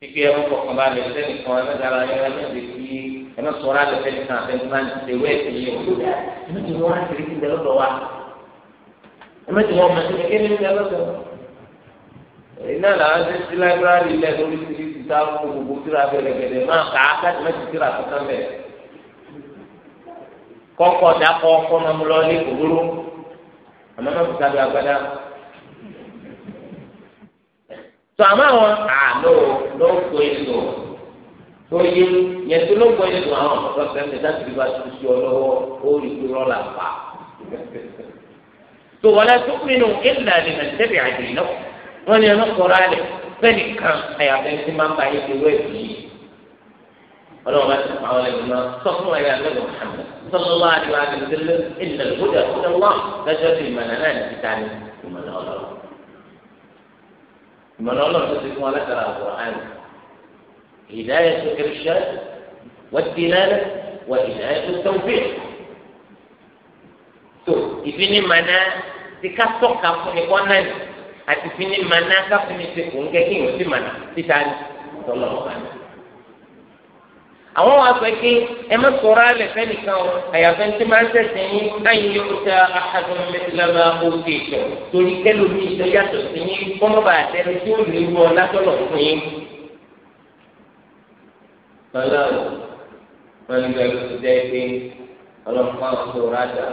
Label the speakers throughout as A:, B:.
A: fífi ẹ̀rọ kọ̀ọ̀kan bá lè sẹ́ni kan ẹ̀rọ dára ẹ̀rọ náà lè fi ẹ̀rọ sọ̀rọ̀ àti ẹ̀fẹ́ nìkan àti ẹ̀rọ náà lè wẹ̀ sí i olùdá ẹ̀rọ tí wọ́n á ti rí sí ìdá lọ́dọ̀ wa
B: ẹ̀rọ tí wọ́n mọ̀ sí ẹ̀kẹ́
A: ní ìdá lọ́dọ̀ iná làwọn ti ti láìbírárì lẹ̀ lórí ti ti ta gbogbo tíra bẹ̀rẹ̀bẹ̀rẹ̀ máa kà tó àmọ́ àwọn àlọ́ ló kó èso tó yé yẹn tó ló kó èso àwọn ọ̀dọ́ sẹ́mi láti fi bá tuntun sí ọ lọ́wọ́ ó rí i rọ́ là pa. tó wọlé tó pinnu ìlà ni nàìjíríà àjèjì náà wọ́n ní ọlọ́kọ̀ọ́rọ́ alẹ̀ fẹ́ẹ̀nì kan àyàfẹ́ tí máa ń ba ayé ti wẹ̀ bí ti pa àwọn ẹ̀mí náà sọ fún ẹ̀yà lọ́dọ̀ sọ́kùnrin àdìwà àdìwà ìlẹ̀ ìlẹ̀ ìlẹ̀ ìlẹ̀ ìlẹ̀ ìlẹ̀ ìlẹ̀ ìlẹ̀ ìlẹ̀ ìlẹ̀ ìlẹ̀ ìlẹ̀ ìlẹ̀ ìlẹ̀ ìlẹ̀ ìlẹ̀ ìlẹ̀ ìlẹ̀ ìmọ̀nà ọlọ́run tó ti fún wa látara àwòrán àyè ìdáyà tó kéré ṣẹ́ wọ́n ti lẹ́lẹ́ wọ́n ìdáyà tó tó bẹ́ẹ̀. tó ìfini màná ti ká tọ́ka fún ni kọ́ náà àti ìfini màná ká fún ni ti kò ń kẹ́kẹ́ sí màná títa tọ́lọ̀ ọ̀hánà àwọn wa fẹ́ kí ẹ má sọ̀rọ̀ alẹ́ fẹ́ nìkan o àyàfẹ́ tí máa ń tẹ̀sẹ̀ yín láyé yóò ta ahadùn mẹtìlámà òkè tó torí kẹlòmí ìṣe yàtọ̀ sí yín kọ́mọ́bà àtẹnu tí ó lè wọ látọ̀lọ̀ fún yín. lọ́lá o wọ́n ní bẹ́ẹ̀ ló ti dẹ́ pé ọlọ́mọba sọ̀rọ̀ àdá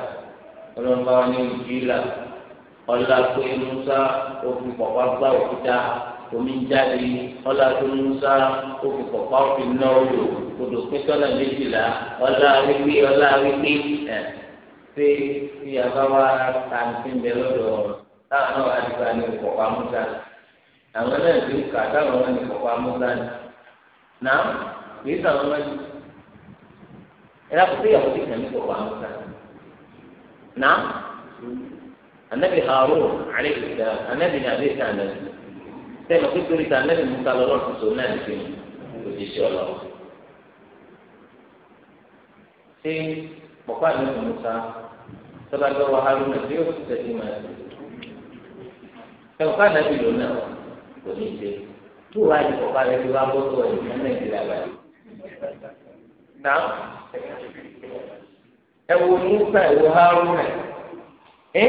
A: ọlọ́mọba ní ìjìlá ọlá pé musa òfin pọ̀pá gbá òkúta omi jáde ọlá pé musa òfin pọ̀pá òfin náà yòó òdò pín sọ́nà méjìlá ọlá wípé ọlá wípé ẹ̀ ṣé tí a bá wá tàǹtí ń bẹ lọ́dọ̀ táwọn náà wá dìgbà ní ìkọ̀kọ̀ amúta àwọn náà ti ń kà táwọn wọn ní ìkọ̀kọ̀ amúta ni náà kìí sàwọn wọn jù ẹ dákun sí ìyàwó dìgbà ní ìkọ̀kọ̀ amúta náà anabi Harun alayhi salam anabi ni abe sa anabi sẹ́yìn ọ̀pẹ́ torí ta anabi Musa lọ́wọ́ tuntun náà nìkan òjijì ọlọ́wọ́ ṣé pọ̀pá ìlú mùsà tọ́ba tó wà haruna tí yóò ti tẹ̀lé máa ṣe. ẹ̀ka nàbì ló náà kò ní ṣe tó wà ní pọ̀pá rẹ̀ tí wàá bọ́ tó ẹ̀ ní nàìjíríà báyìí. náà ẹ wo musa ẹ wo haruna ẹ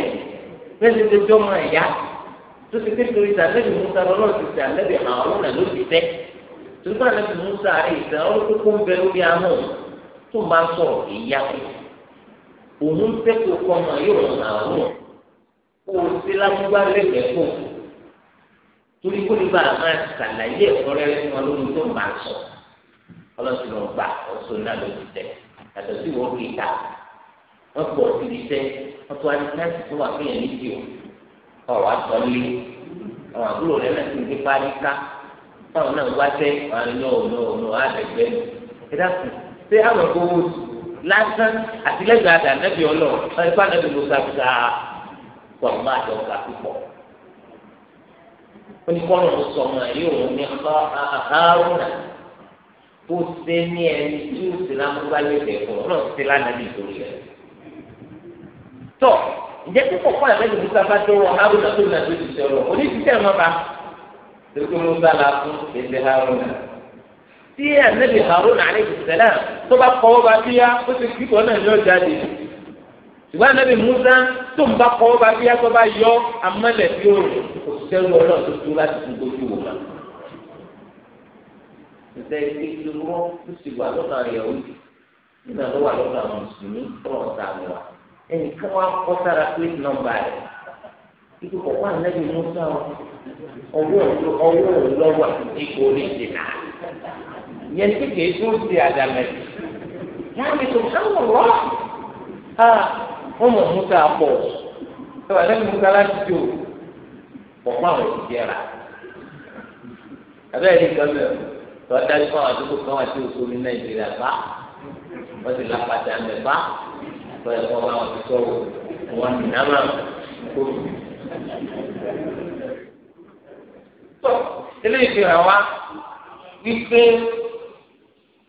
A: bẹ́ẹ̀ ti jọ́ máa yá tó ti ké torí ta lẹ́bi musa lọ́lọ́ ti tẹ̀ lẹ́bi haruna ló ti tẹ́ tó bá lẹ́bi musa ìtàn ọ̀rọ̀ kókó ń bẹ lórí ahọ́n tó máa ń sọ̀rọ̀ ìyá pé òun fẹ́ kó kọ́ ọmọ yóò ràn àwọn kó o sí lágbúgbá lẹ́gbẹ̀ẹ́ kó torí kó ní bàa máa ṣàlàyé ẹ̀kọ́rẹ́rẹ́ fún wọn lórí tó máa sọ ọlọ́sìn ló ń gbà ọ̀ṣun náà ló ti tẹ̀ yàtọ̀ sí ìwọ́n kì í ta wọ́n pọ̀ síbi tẹ́ wọ́n tó wá ní táǹtì tó wà fún yẹn ní tìó ọ̀rọ̀ àtọ́ lé àwọn àbúrò rẹ̀ náà ti ń gbé parí ká táwọn náà wá tẹ́ wọn ní ṣé àwọn kò wò na lásán àtìlẹ́gbẹ̀ẹ́ àti ànábì ọlọ ẹgbẹ ànábì musa gbà pọlọ máa jọ ga púpọ̀ ó ní kọlọ ló sọ yìí òun ní Hárúnà kó ṣe ní ẹni tí ó na lánà bá fún ọ ṣe lánà bí ìtòrí rẹ ǹjẹ́ púpọ̀ fún ànábì musa bá dọwọ Hárúnà tó nà tó ti sọ̀rọ̀ oníṣiṣẹ tí anabi harun alayhi salam tó bá kọ́ ọba bíyá ó ti kí kọ́ náà ní ọjà dé ṣùgbọ́n anabi musa tó ń bá kọ́ ọba bíyá tó bá yọ amálẹ̀ bí ó òṣìṣẹ́ wọn náà tó tó láti fún gbogbo wọn náà. ǹjẹ́ ilé ìdúró tó ti wà lọ́dọ̀ àyẹ̀wò yìí nínú àlọ́ wà lọ́dọ̀ àwọn mùsùlùmí tọ̀rọ̀ ọ̀tà mi wà ẹnìkan wá kọ́ sára plate number rẹ̀ ikú kọ̀ọ̀kan anabi musa ọwọ́ ọ̀lọ́wà ipò oníṣẹ́ ìyẹn ní kékeré tó ń ṣe àdàmẹ́sì wọ́n ti sọ̀rọ̀ sáwọn rọ́ ha wọ́n mọ̀ múta pọ̀ ẹ wà lẹ́nu múta láti jò pọ̀ mọ́ àwọn ìdíjẹ́ rà abẹ́rẹ́ nìkan bẹ́ẹ̀ tọ́ dájú fún àwọn àdúgbò kan àti òkú ní nàìjíríà bá wọ́n ti la pàtà mẹ́fà tọ́ ẹ̀ fọ́ máa ti sọ̀rọ̀ wọn ní nàmà tó. eléyìí fi hàn wá wípé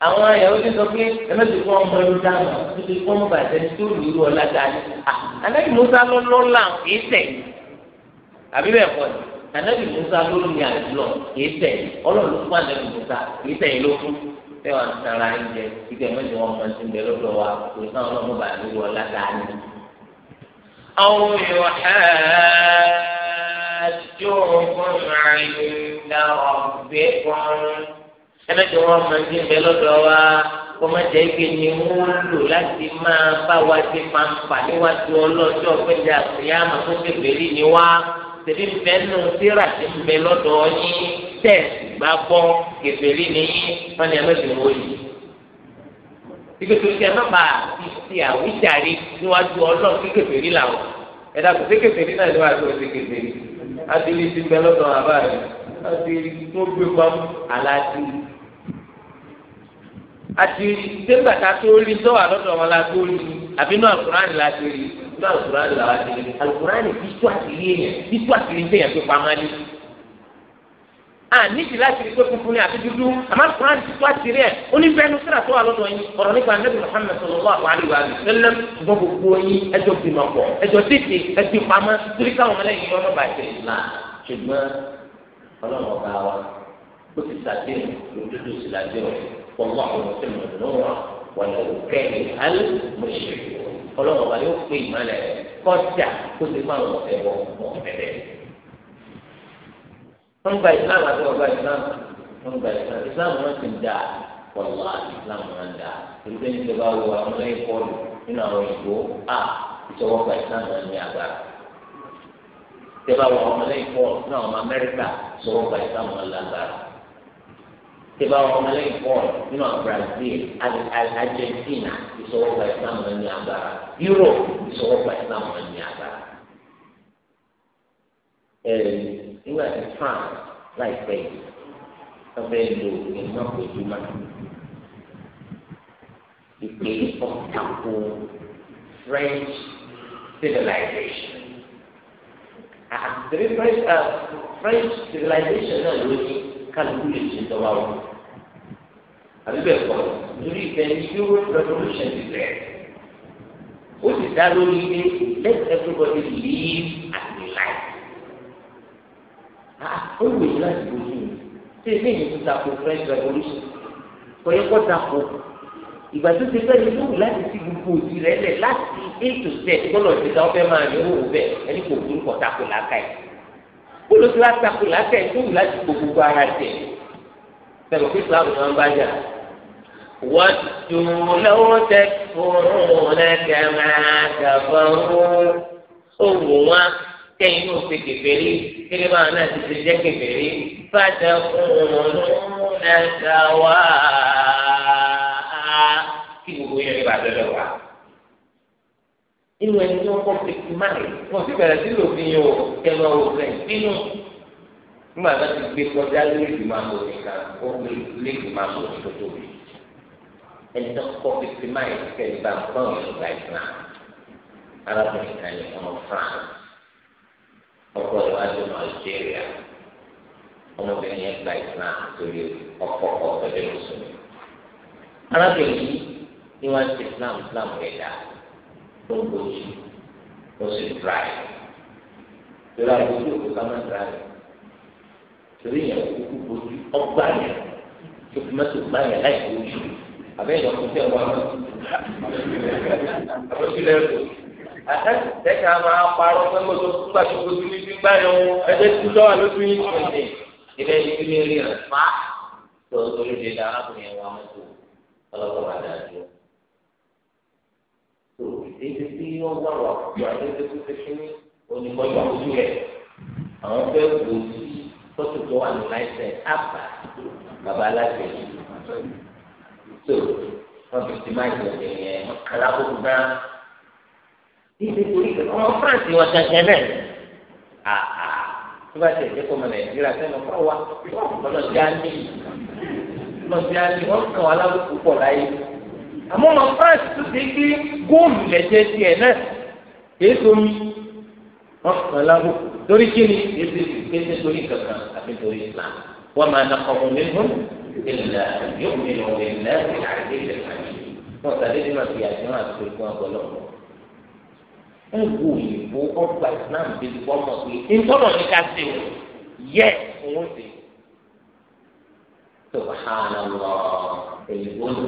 A: àwọn ìyàwó ti sọ pé ẹlẹ́sìn fún ọmọ ẹlú dáná nítorí fún ọmọ bàtẹ ní tó lùú ọ̀la dání. ànábì musa ló ló là ń kì í tẹ̀ àbí bẹ́ẹ̀ kọ́ ni ànábì musa ló ní àjùlọ kì í tẹ̀ ọlọ́run fún ànábì musa kì í tẹ̀ ló fún fẹ́ wọn sara ń jẹ ìgbẹ́ mẹ́jọ wọn máa ti ń bẹ lọ́dọ̀ wa kò sí àwọn ọmọ bàtẹ lùú ọ̀la dání. àwọn yóò hẹ́ ẹlẹ́dẹ̀ wọn máa ń dín bẹ́ẹ̀ lọ́dọ̀ wa kó má jẹ́ ike ni wọ́n lò láti máa bá wa ti pàǹpà níwájú ọlọ́jọ́ pẹ̀lú àkùyá àmọ́ tó ti bèrè ni wá tẹbi mbẹnu tíra ti mbẹ lọ́dọ̀ yín tẹ gbà gbọ́ kẹfẹrí ni yín wọn ni ẹlẹsìn wọ yìí ìgbésẹ̀ tí a má bàa fi ti àwíjàre níwájú Ọlọ́run kí kẹfẹrí làwọn ẹ̀dá kò sí kẹfẹrí náà ni wọn àti ọsẹ kẹfẹrí adìrí ti mbẹ lọ́dọ̀ àbá àti sẹ́gbà tá a tó rí sọ́wọ́ àlọ́dọ̀ wọn la tó rí àbí inú àlùkùránì la ti rí inú àlùkùránì la wá ti rí àlùkùránì bí tó àtìrí èèyàn bí tó àtìrí èèyàn tó pamọ́ ní. a níbi láti rí pé funfun ni àti dúdú àmọ́ àlùkùránì ti tó àtìrí ẹ̀ ó ní bẹ́ẹ̀ ní síra tó wà lọ́dọ̀ ọ̀rọ̀ nípa anábì Muhammad sallallahu alaihi wa sallam ṣùgbọ́n gbogbo yín ẹjọ́ bímọ pọ̀ ẹjọ́ tètè ẹjọ́ pamọ́ torí káwọn ọmọlẹ́yìn ọmọ bàjẹ́ ìlà ṣùgbọ́n ọlọ́run ọba wa ó ti sàdéhùn lójúdó sí làdéhùn والله مسلم نوره ولو كره المشركون ọlọ́run ọba yóò pè ìmọ̀ rẹ̀ kọjá kó ti máa wọ̀ ẹ̀wọ̀ mọ̀ bẹ̀rẹ̀. wọ́n gba islam àti ọba islam wọ́n gba islam islam wọn ti da wàlúwà islam wọn da ìgbẹ́ ní ìjọba wo àwọn ẹ̀yìn pọ́ọ̀lù nínú àwọn ìgbó a ìjọba gba islam wọn ní agbára. ìjọba wo àwọn ẹ̀yìn pọ́ọ̀lù nínú àwọn amẹ́ríkà ìjọba gba islam wọn lágbára. tẹ́lá ọmọ ọmọlẹ́yìn paul nínú àwọn brazil argentina ìsọwọ́pọ̀ islam náà ní agbára europe ìsọwọ́pọ̀ islam náà ní agbára. ẹ̀ẹ́d nígbà tí france láìpẹ́ yìí wọ́n fẹ́ lo iná pẹ̀lúmá ìpè ọ̀tàkù french civilization. àti ah, ah, french civilization náà ló ní kálukú lè ṣe ìjọba wọn. àbí bẹ́ẹ̀ kọ́ lórí ìfẹ́ ní Europe revolution ti bẹ̀rẹ̀ ó sì dá lórí pé let everybody live as they like ah, ó wù mí láti bójú mi tí ilé yìí ti tako French revolution kò yẹ kó tako ìgbà tó ti fẹ́ẹ́ ló wù láti ti gbogbo òsì rẹ̀ lẹ̀ láti a to z gbọ́dọ̀ ti ta ọbẹ̀ máa ní owó bẹ́ẹ̀ ẹni kò burúkọ tako làákàyè bólú tí wàá tako làákàyè tó wù láti gbogbo ara jẹ bẹ́ẹ̀ lọ pé Islam ni wọ́n bá yà ودوا لو تكفرون كما كفروا هو kẹyìn náà ṣe kẹfẹrí kẹlẹ báwọn náà ti ṣe jẹ kẹfẹrí fàtẹ fúnrún ẹgbẹ wá kí gbogbo yẹn bá dọdọ wá. inú ẹni tí wọn kọ fèsì máì wọn sì bẹ̀rẹ̀ sí lòfin yìí o kẹlẹ ọ̀rọ̀ rẹ nínú nígbà tó ti gbé kọjá lórí ìgbìmọ̀ àbòrìkà ó lé ìgbìmọ̀ àbòrìkà tó tóbi ẹni tó kọ́ fífi máa yìí kẹ́lí bá gbọ́n yìí lọ́gbà islam arábìnrin kan yìí ọmọ france ọkọ ìwádìí ọmọ algeria ọmọbìnrin yẹn gba islam torí ọkọ ọkọ pẹ̀lú mùsùlùmí arábìnrin yìí ni wọ́n ti islam islam rẹ̀ dá ó ń gbòòjì ó sì dráì torí àgbòjú òkú ká má dráì torí yẹn kúkú gbòòjì ọgbà yẹn tó fi mọ́tò gbà yẹn láì gbòòjì àbẹ́ ìyọkùn tẹ̀ wá lọ àbọ̀sílẹ̀ rẹ̀ tẹ́ka máa parọ́ pé mo tó gbà tó gbójú ní gbígbá yẹn o ẹgbẹ́ tí lọ́wọ́ ló tún yín tún ní ilé ní ilé rí rẹ̀ fà á tó olùdè ní arákùnrin wa mọ́tò ọlọ́wọ́ wa dáa jù. Èyí tí wọ́n gbà wà fún àdéhùn tó ti fi ní onímọ̀jọ́ ojú rẹ̀ àwọn fẹ́ wò sí tọ́tù tó wà ní láìsẹ̀ àbá bàbá aláṣẹ yìí tó wọn fi ti máa jẹ ọdẹ yẹn kàlá gbogbo náà títí torí ọmọ france wọn gẹ́gẹ́ náà àà tó bá tẹ̀ ẹ̀jẹ̀ kọ́ ọmọ nàìjíríà sẹ́nu fún wa ọlọ́dẹ á ní ọlọ́dẹ á ní wọn kàn wá lábùkù pọ̀ láyé àmọ́ ọmọ france tó ti gbé góòlù lẹ́jẹ̀ tiẹ̀ náà kì í somi wọn kàn lábùkù torí kí ni èsì èsì torí kankan àbí torí islam wọn máa nàkọ́ ọmọ mi hàn. إلا أن يؤمنوا بالله العزيز الحميد وتدري ما في أجماع في القرآن ogun òyìnbó ọgbà islam bíi bọ́mọ pé ntọ́nà ní ká ṣe o yẹ òun ṣe. subhanallah òyìnbó ni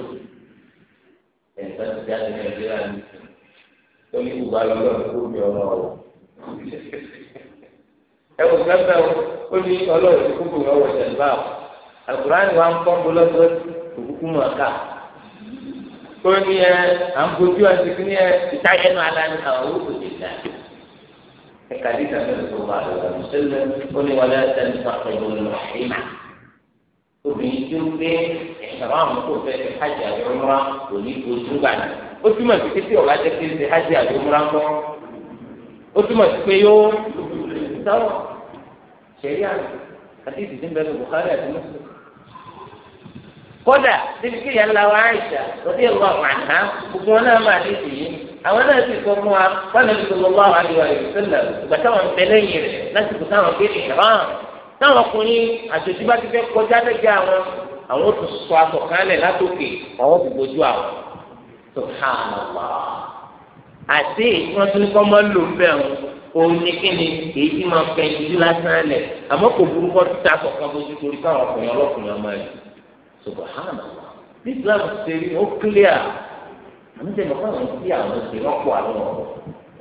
A: ẹ̀ka ti jáde ní nàìjíríà ní ìsìn tó ní ìwà lọ́wọ́ kó mi ọ̀rọ̀ o. ẹ wò fẹ́ o ó ní ọlọ́run ti kúkú lọ́wọ́ ìjẹ̀lú báwò alukurani wa ń kọ́ gbólóso òkúkú mọ̀ ká kó ní ẹ à ń gbójú àti kí ní ẹ ìtayẹnu alani àwọn olóko lè dá ẹka dí ìtàn mẹ́rin tó wà lọ́wọ́ ṣẹlẹ̀ ó ní wọlé ẹsẹ̀ nípa pẹ̀lú ọ̀hìnà obìnrin tó gbé ẹ̀sán àwọn kò fẹ́ ṣe hajj àyọ̀mọ́ra kò ní ojú gbà ní ó túmọ̀ sí pé tí ọ̀gá jẹ́ pé ṣe hajj àyọ̀mọ́ra ń ó túmọ̀ sí pé yóò sọ̀rọ̀ ṣẹ̀rí àti àti ìdílé bẹ́ẹ̀ ní Bukhari àti Muslim kódà níbi kí yẹn lawa àìsà lọ́dí ẹ̀rọ àwọn àná gbogbo wọn náà máa dìde yìí àwọn náà sì sọ fún wa wọn lè sọ lọ́wọ́ àwọn àdìwà ìrìsílẹ̀ ìgbà táwọn ń bẹ lẹ́yìn rẹ̀ láti kó táwọn gbé ìrán táwọn ọkùnrin àjòjì bá ti fẹ́ kọjá lẹ́gbẹ̀ẹ́ àwọn àwọn tó sọ àtọ̀kálẹ̀ látòkè àwọn kò gbójú àwọn tó há àwọn àti èyí wọn tún kọ́ mọ́ lò bẹ́ẹ̀ òun ní kíni èyí tí máa fẹ́ ìdílé lásán lẹ̀ àmọ́ kò burúkọ tó ta bójú torí káwọn ọkùnrin ọlọ́kùnrin ọmọ yìí subahana bí islam ṣe rí ó clear àmì tẹ̀lé fún àwọn tí àwọn ṣe lọ́pọ̀ àlọ́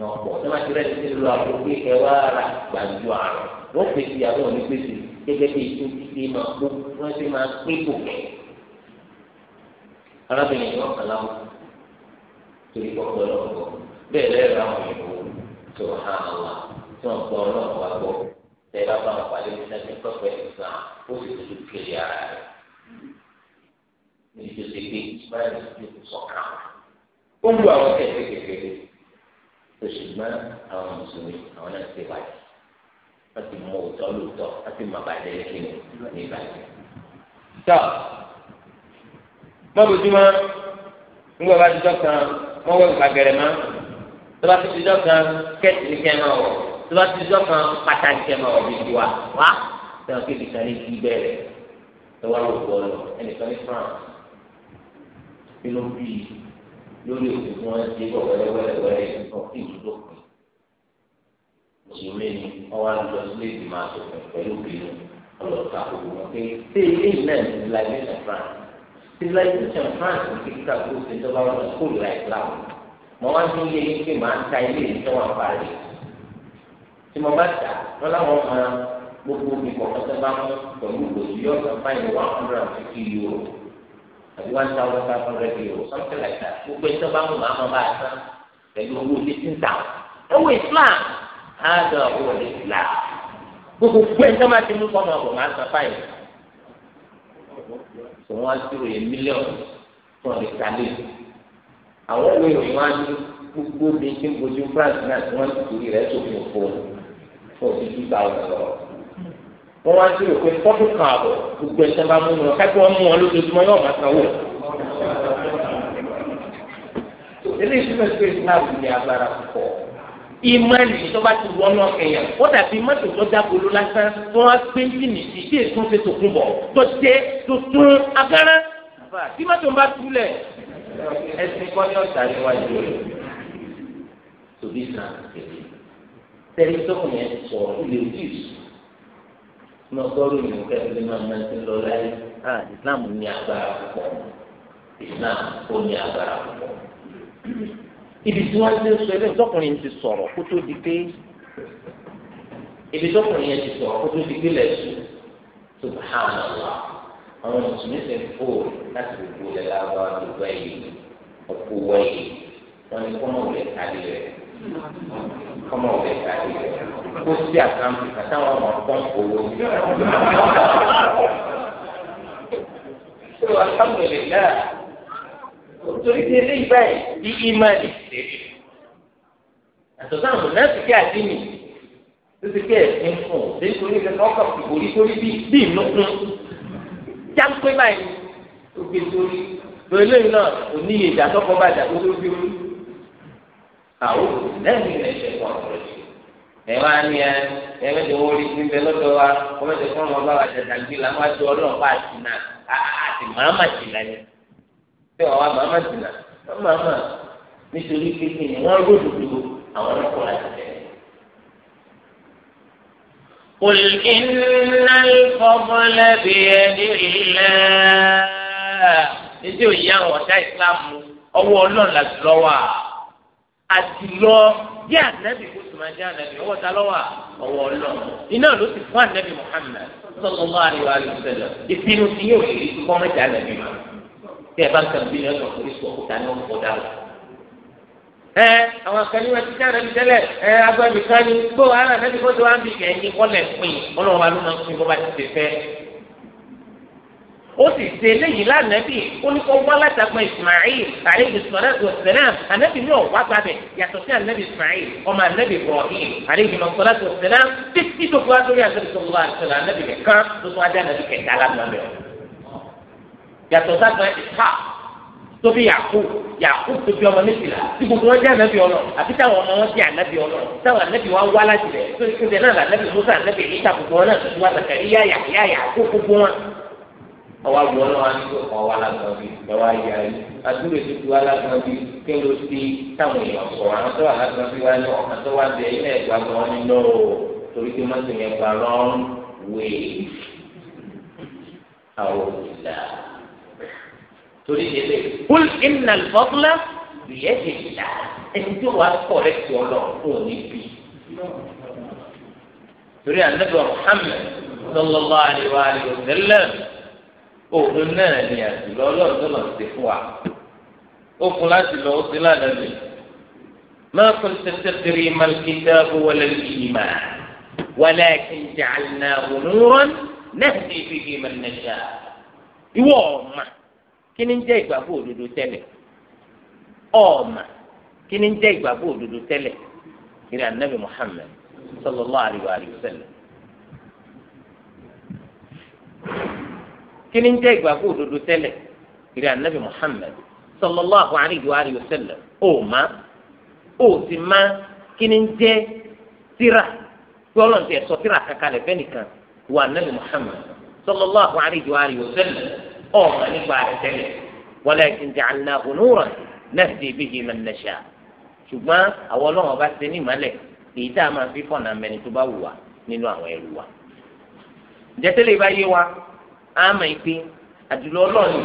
A: lọ́pọ̀ tí wọ́n ti rẹ́ ti lọ àpò pé ẹ wá ara gbàjú àrùn wọ́n pè sí àwọn onígbèsè gẹ́gẹ́ bí ètò ìdílé máa kó wọ́n ṣe máa pé kò kẹ́. arábìnrin yìí wọ́n kàn láwọn torí kọ́kọ́ lọ́wọ́ bẹ́ẹ̀ lẹ́rọ àwọn ìbò tó tí wọ́n gbọ́ ọlọ́run wa gbọ́ tẹ́lá bá wọn pàdé èyí tó ṣe pé ìsúmáìlì yóò fi sọ̀kà ó lu àwọn kẹ̀kẹ́ kékeré tó ṣùgbọ́n àwọn mùsùlùmí àwọn náà ti wáyé wọ́n ti mọ òótọ́ lóòótọ́ wọ́n ti mọ àbàjẹ́ lẹ́kìnnì ní ìbàjẹ́. tọ́ mọ́bùdúmọ́ nígbà bá ti dọ́kan wọ́n wẹ̀ gbàgẹ̀rẹ̀ mọ́ tó bá ti ti dọ́kan kẹ́ẹ̀tì ní kẹ́ẹ̀ máa wọ̀ tó bá ti ti dọ́kan pàtàkì kẹ́ẹ̀ máa wọ̀ bí ti wà wá tẹ̀wọ́n kébi kan ní ti bẹ̀rẹ̀ tọ́wọ́ lóòótọ́ lọ ẹnìkan ní France kí ló bí lórí òkú tí wọ́n ti bọ̀ wẹ́rẹ́wẹ́rẹ́wẹ́rẹ́ nǹkan fún ìdúró pin mùsùlùmí ni wọ́n wá lọ sílé ìgbìmọ̀ asòfin pẹ̀lú bínú ọlọ́ta gbogbo wọn pé ṣé eléyìí náà ní civilization France civilization France ní kíkà kó ṣe ìjọba wọn kó ìlà ìlàwọ mọ wá ní ilé yín pé màá ta ilé yìí tó wọn parí tí mo bá tà wọn láwọn gbogbo ìkọ̀kọ̀ tó bá mú pẹ̀lú òṣìṣẹ́ ọ̀sán fáìlì one hundred and fifty euro àbí one thousand five hundred euro something like that gbogbo ẹni tó bá mú màmá bá a san pẹ̀lú owó fifteen thousand ẹwọ islam hàdà owó islam gbogbo ẹni tó máa ti mú kọ́mọ ọ̀bọ̀ máa san fáìlì òun á sírò yẹn mílíọ̀nù fún ọ̀rẹ́ kálí àwọn ìwé ìròyìn wá ní gbogbo bíi tí ń bojú france náà tí wọ́n ti torí rẹ̀ sófin òfò fún òfin two thousand dollars wọ́n wá sí òpin fọ́tò kan àbọ̀ gbogbo ẹ̀sẹ̀ bá mú wọn kápẹ́ wọn mú wọn lójoojúmọ́ yóò máa sanwó. ilé ìṣúná sí islam ní agbára púpọ̀ ìmọ̀lì tó bá ti wọnú ọkẹyà wọ́n dàbí mọ́tò tó dábòló lásán tó wá gbé jìnnì sí bí èso ṣe tòkun bọ̀ tó jẹ́ tó tún agárá tí mọ́tò bá túlẹ̀ ẹsìn kọ́ ní ọ̀tá níwájú rẹ̀ tòbí sàn tẹ̀lé tó ní ọgọ́rùn yìí kẹ́kẹ́ máa máa ti lọ láyé islam ní agbára púpọ̀ islam ó ní agbára púpọ̀. ibi tí wọ́n ti sọ eléyìí tọkùnrin ti sọ̀rọ̀ kó tó di pé ibi tọkùnrin yẹn ti sọ̀rọ̀ kó tó di pé lẹ́sùn subhanallah àwọn mùsùlùmí ti ń fò láti gbogbo ilẹ̀ lábáwá gbogbo ẹ̀yìn ọ̀pọ̀ wẹ̀yìn wọn ni kọ́mọ̀wé kálí rẹ̀ ọmọ ọbẹ káyọ kó sí àkáǹtì àtàwọn ọmọ ọgbọ́n owó ní. ṣé wàá sàmùlẹ̀ náà torí ti ilé ìgbà yìí bí ìmáàlì ṣe rí àtọ̀tọ̀ àwọn náà ti kí àdínì tó ti kí ẹ̀sìn fún un lè torí ìgbà ọkọ̀ ìbòrí torí bí bí ìnukun jáńpé báyìí ó gbé torí lóyún náà ò ní ìyèjà tọkọ bàjá tó tó fi rú àwọn òṣìṣẹ́ ìrìn ẹ̀ṣẹ̀ kan ọ̀rọ̀ jù
B: ẹ wá ní ẹ ẹ mẹjọ owó orí ti bẹ lọ́dọ̀ wa wọn mẹjọ fún ọmọ báwa jàdàgbé la wọn á jọ Ọlọ́run
A: àti náà àti màmá jìnnà ni
B: bí wọn wá màmá jìnnà
A: màmá nítorí kékeré ni wọn ròdòdò àwọn ọlọ́pàá láti bẹ. قل إن الفضل بيد الله. Ìdí òye àwọn ọ̀tá ìsìlámù ọwọ́ Ọlọ́run àtìlọ bí ànábì kò sì máa jẹ́ ànábì ọwọ́ ta lọ́wọ́ ọwọ́ lọ iná ló sì fún ànábì Muhammad sallallahu alaihi wa sallam ìpinnu tí yóò fi kọ́ mẹ́ta ànábì mọ́ tí ẹ bá ń kàbí ní ọjọ́ orí sọ òkúta ní ọkọ̀ dára. ẹ àwọn akẹ́lẹ́ wọn ti jẹ́ ànábì tẹ́lẹ̀ ẹ agbábì kan ní gbọ́ ara ànábì kó tó ń bì kẹ́yìn kọ́lẹ̀ pin ọlọ́wọ́ ó sì ṣe eléyìí lánàbì ó ní kó wá látàgbọn ismail àlejò sọlá sọsẹlẹm ànábì ní ọwá gbàbẹ yàtọ̀ sí ànábì ismail ọmọ ànábì ibrahim àlejò sọlá sọsẹlẹm títí tó fi wá sórí ànábì sọlá sọlá ànábì nìkan tó tún adé ànábì kẹta lágbàmẹ ọ yàtọ̀ sàgbọn ìta tó fi yàkú yàkú tó fi ọmọ méjìlá tí gbogbo wọn jẹ ànábì ọlọ àti táwọn ọmọ wọn jẹ ànábì ọlọ táwọn ànábì wọn wá láti rẹ tó ìpínlẹ̀ náà lànábì musa ànábì ìta gbogbo wọn náà tó fi wá sàkàrí yáyà yáyà gbogbo wọn ọwọ́ àgbọ̀ ọlọ́wọ́ àdúgbò kan wà lágbọ̀n bí lọ́wọ́ ayé ayé àdúgbò tó ti wà lágbọ̀n bí kí ló ti táwọn èèyàn sọ àwọn tó wà lágbọ̀n bí wà ní ọ̀kan tó wà bẹ ilé ẹ̀gbà gan ni lọ o torí pé mọ́tò yẹn gba wrong way àwọn òbílà torí ilé kúl iná fọ́túlá bìyẹ́ ìlà ẹni tó wà kọ̀rẹ́tì ọlọ́run ò ní bí torí ànábì Muhammad sallallahu alaihi wa sallam òun náà ni àtìlọ ọlọ́run tó lọ sí fún wa ó fún láti lọ ó sí lánàá mi máa kún tètè tèrè malkita wọlé ìmà wọlé kìjà àná òmùrán náà ti fi ìmà nàṣà ìwọ ọ̀ma kí ni ń jẹ́ ìgbàgbọ́ òdodo tẹ́lẹ̀ ọ̀ma kí ni ń jẹ́ ìgbàgbọ́ òdodo tẹ́lẹ̀ ìrìn ànábì Muhammad sallallahu alayhi wa sallam. kí ni ń jẹ́ ìgbàgbọ́ òdodo tẹ́lẹ̀ ìrìn ànábì Muhammad sallallahu alayhi wa alihi wa sallam ó má ó sì má kí ni ń jẹ́ tíra pé ọlọ́run ti ẹ̀ sọ tíra kankanlẹ̀ fẹ́ nìkan wà ànábì Muhammad sallallahu alayhi wa alihi wa sallam ó má nípa rẹ̀ tẹ́lẹ̀ walakin ja'alnahu nuran nahdi bihi man nasha ṣùgbọ́n àwọn ọlọ́run ọba ṣe ní ìmọ̀lẹ̀ èyí tá a máa fi fọ̀nà mẹ́ni tó bá wù wá nínú àwọn ẹrù wa. ìjẹ́sílẹ̀ ìbá yé wa àmọ́ ìpè àdúrà ọlọ́ọ̀ni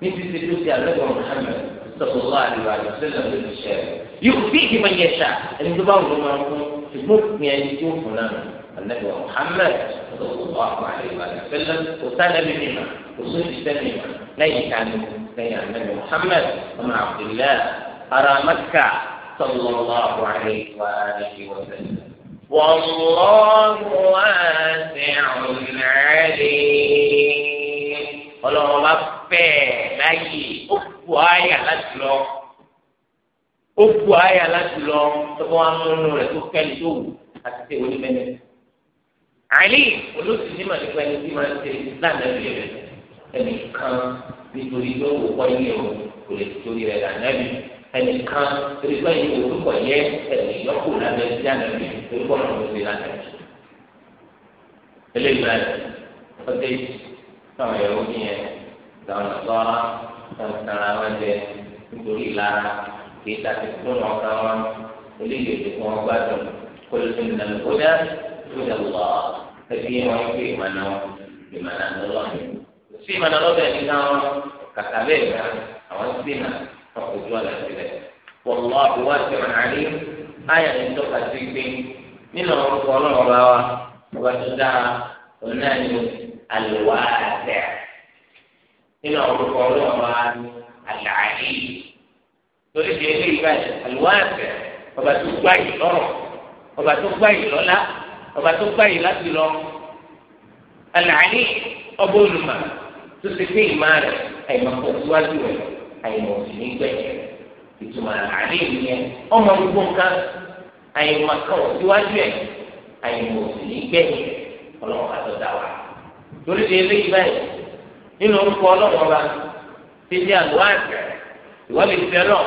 A: ní títí tó ti àlẹ́kọ̀ọ́ Muhammad sọ̀rọ̀ àdúrà àdúrà sẹ́lẹ̀ ló ti ṣẹ́ yóò fi ìgbìmọ̀ yẹn ṣá ẹni tó bá wù ló máa fún ṣùgbọ́n òpin ẹni tó fún náà àlẹ́kọ̀ọ́ Muhammad sọ̀rọ̀ àdúrà àdúrà sẹ́lẹ̀ kò sálẹ́bí mi mà kò sóòtì sẹ́mi mà lẹ́yìn kánú lẹ́yìn àlẹ́kọ̀ọ́ Muhammad ọmọ Abdullahi ara Mẹ́kà sọ̀rọ̀ àdúrà àdúrà والله واسع عليم ọlọ́run bá fẹ́ẹ̀ láyè ó bu àyà láti lọ ó bu àyà láti lọ tọ́kọ́ wa múnú rẹ̀ tó kẹ́lí tó wù àti tẹ̀ wọlé mẹ́lẹ́. àlè olóòtú ní màdìgbà ẹni tí màá ṣe lánàá rẹ̀ ẹnìkan nítorí ló wò wáyé o kò lè torí rẹ̀ lánàá rẹ̀ ẹnìkan torí pé ìwé orúkọ yẹ ẹnì yọkù lábẹ́ sí ànábì orúkọ náà ló ṣe lábẹ́ eléyìí náà ọdẹ táwọn ẹ̀rọ ní ẹ táwọn ọ̀sọ́ra táwọn ìtara wọn jẹ nítorí ìlara kì í tàbí fún wọn kan wọn eléyìí ètò fún wọn gbádùn kó ló ti nà lóda lóda lọ ẹbí wọn gbé ìmọ̀nà wọn ìmọ̀nà lọ́wọ́ sí ìmọ̀nà lọ́wọ́ ẹ̀ nígbà wọn kàkà bẹ́ẹ̀ náà àwọn sí náà ọ̀pọ̀jù àlàsílẹ̀ wọ́n àbúwá ti rìn àlè ayà ní tọ́ka sí pé nínú orúkọ ọlọ́run bá wa ọba tó dára òun náà ní àlùwà àtẹ nínú orúkọ ọlọ́run wa ní àlàyé torí ti ẹgbẹ́ ìgbà àlùwà àtẹ ọba tó gbá yìí lọ́rọ̀ ọba tó gbá yìí lọ́lá ọba tó gbá yìí láti lọ àlàyé ọba olùmọ̀ tó ti fi ìmọ̀ rẹ̀ àyè máa pọ̀ síwájú rẹ̀ àyìnbó sì ní gbẹ̀yẹ̀ ìtumọ̀ àlẹ́ ìyẹn ọmọ gbogbo nǹkan àyìnbó kan ò síwájú ẹ̀ àyìnbó sì ní gbẹ̀yẹ̀ ọlọ́run àtọ́dá wa torí ti eléyìí báyìí nínú orúkọ ọlọ́run ọba ti di àlùwá ẹ̀fẹ̀ ìwọ́n lè fẹ́ lọ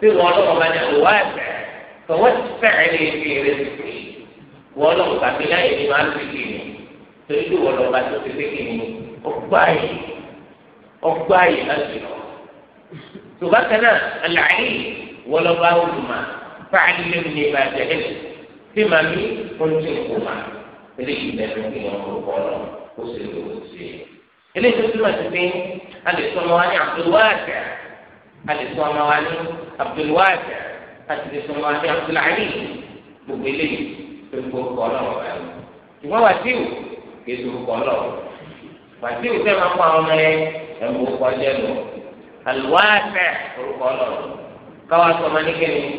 A: bí wọn ọlọ́run ọba ní àlùwá ẹ̀fẹ̀ fọwọ́ ti fẹ́ẹ̀ lè fi èrè ti pè wọ́n ọlọ́run tàbí láyé ni máa ń fi kì torí bí wọn ọlọ́run ọba tó ti fi kì ọgbà yìí ọgbà yìí láti lọ tòbákanáà àlàyé wọlọ́wọ́ àwòrán fáàlì lẹ́nu ní ìbá jẹ́lẹ̀ tí màá mi kọ́ńtì kò má eléyìí lẹ́nu ní ọ̀rọ̀ ọ̀rọ̀ kó sì lè wò sí i. eléyìí tó túmọ̀ sí pé a lè sọ ọmọ wa ní abdulwáàjà a lè sọ ọmọ wa ní abdulwáàjà a sì lè sọ ọmọ wa ní abdulhali gbogbo eléyìí tó ń gbọ́ kọ́ ọlọ́run wa yẹn. ìwọ́n wá sí ìwò kí èso kọ́ ọlọ́run الواسع قوات ومانيكني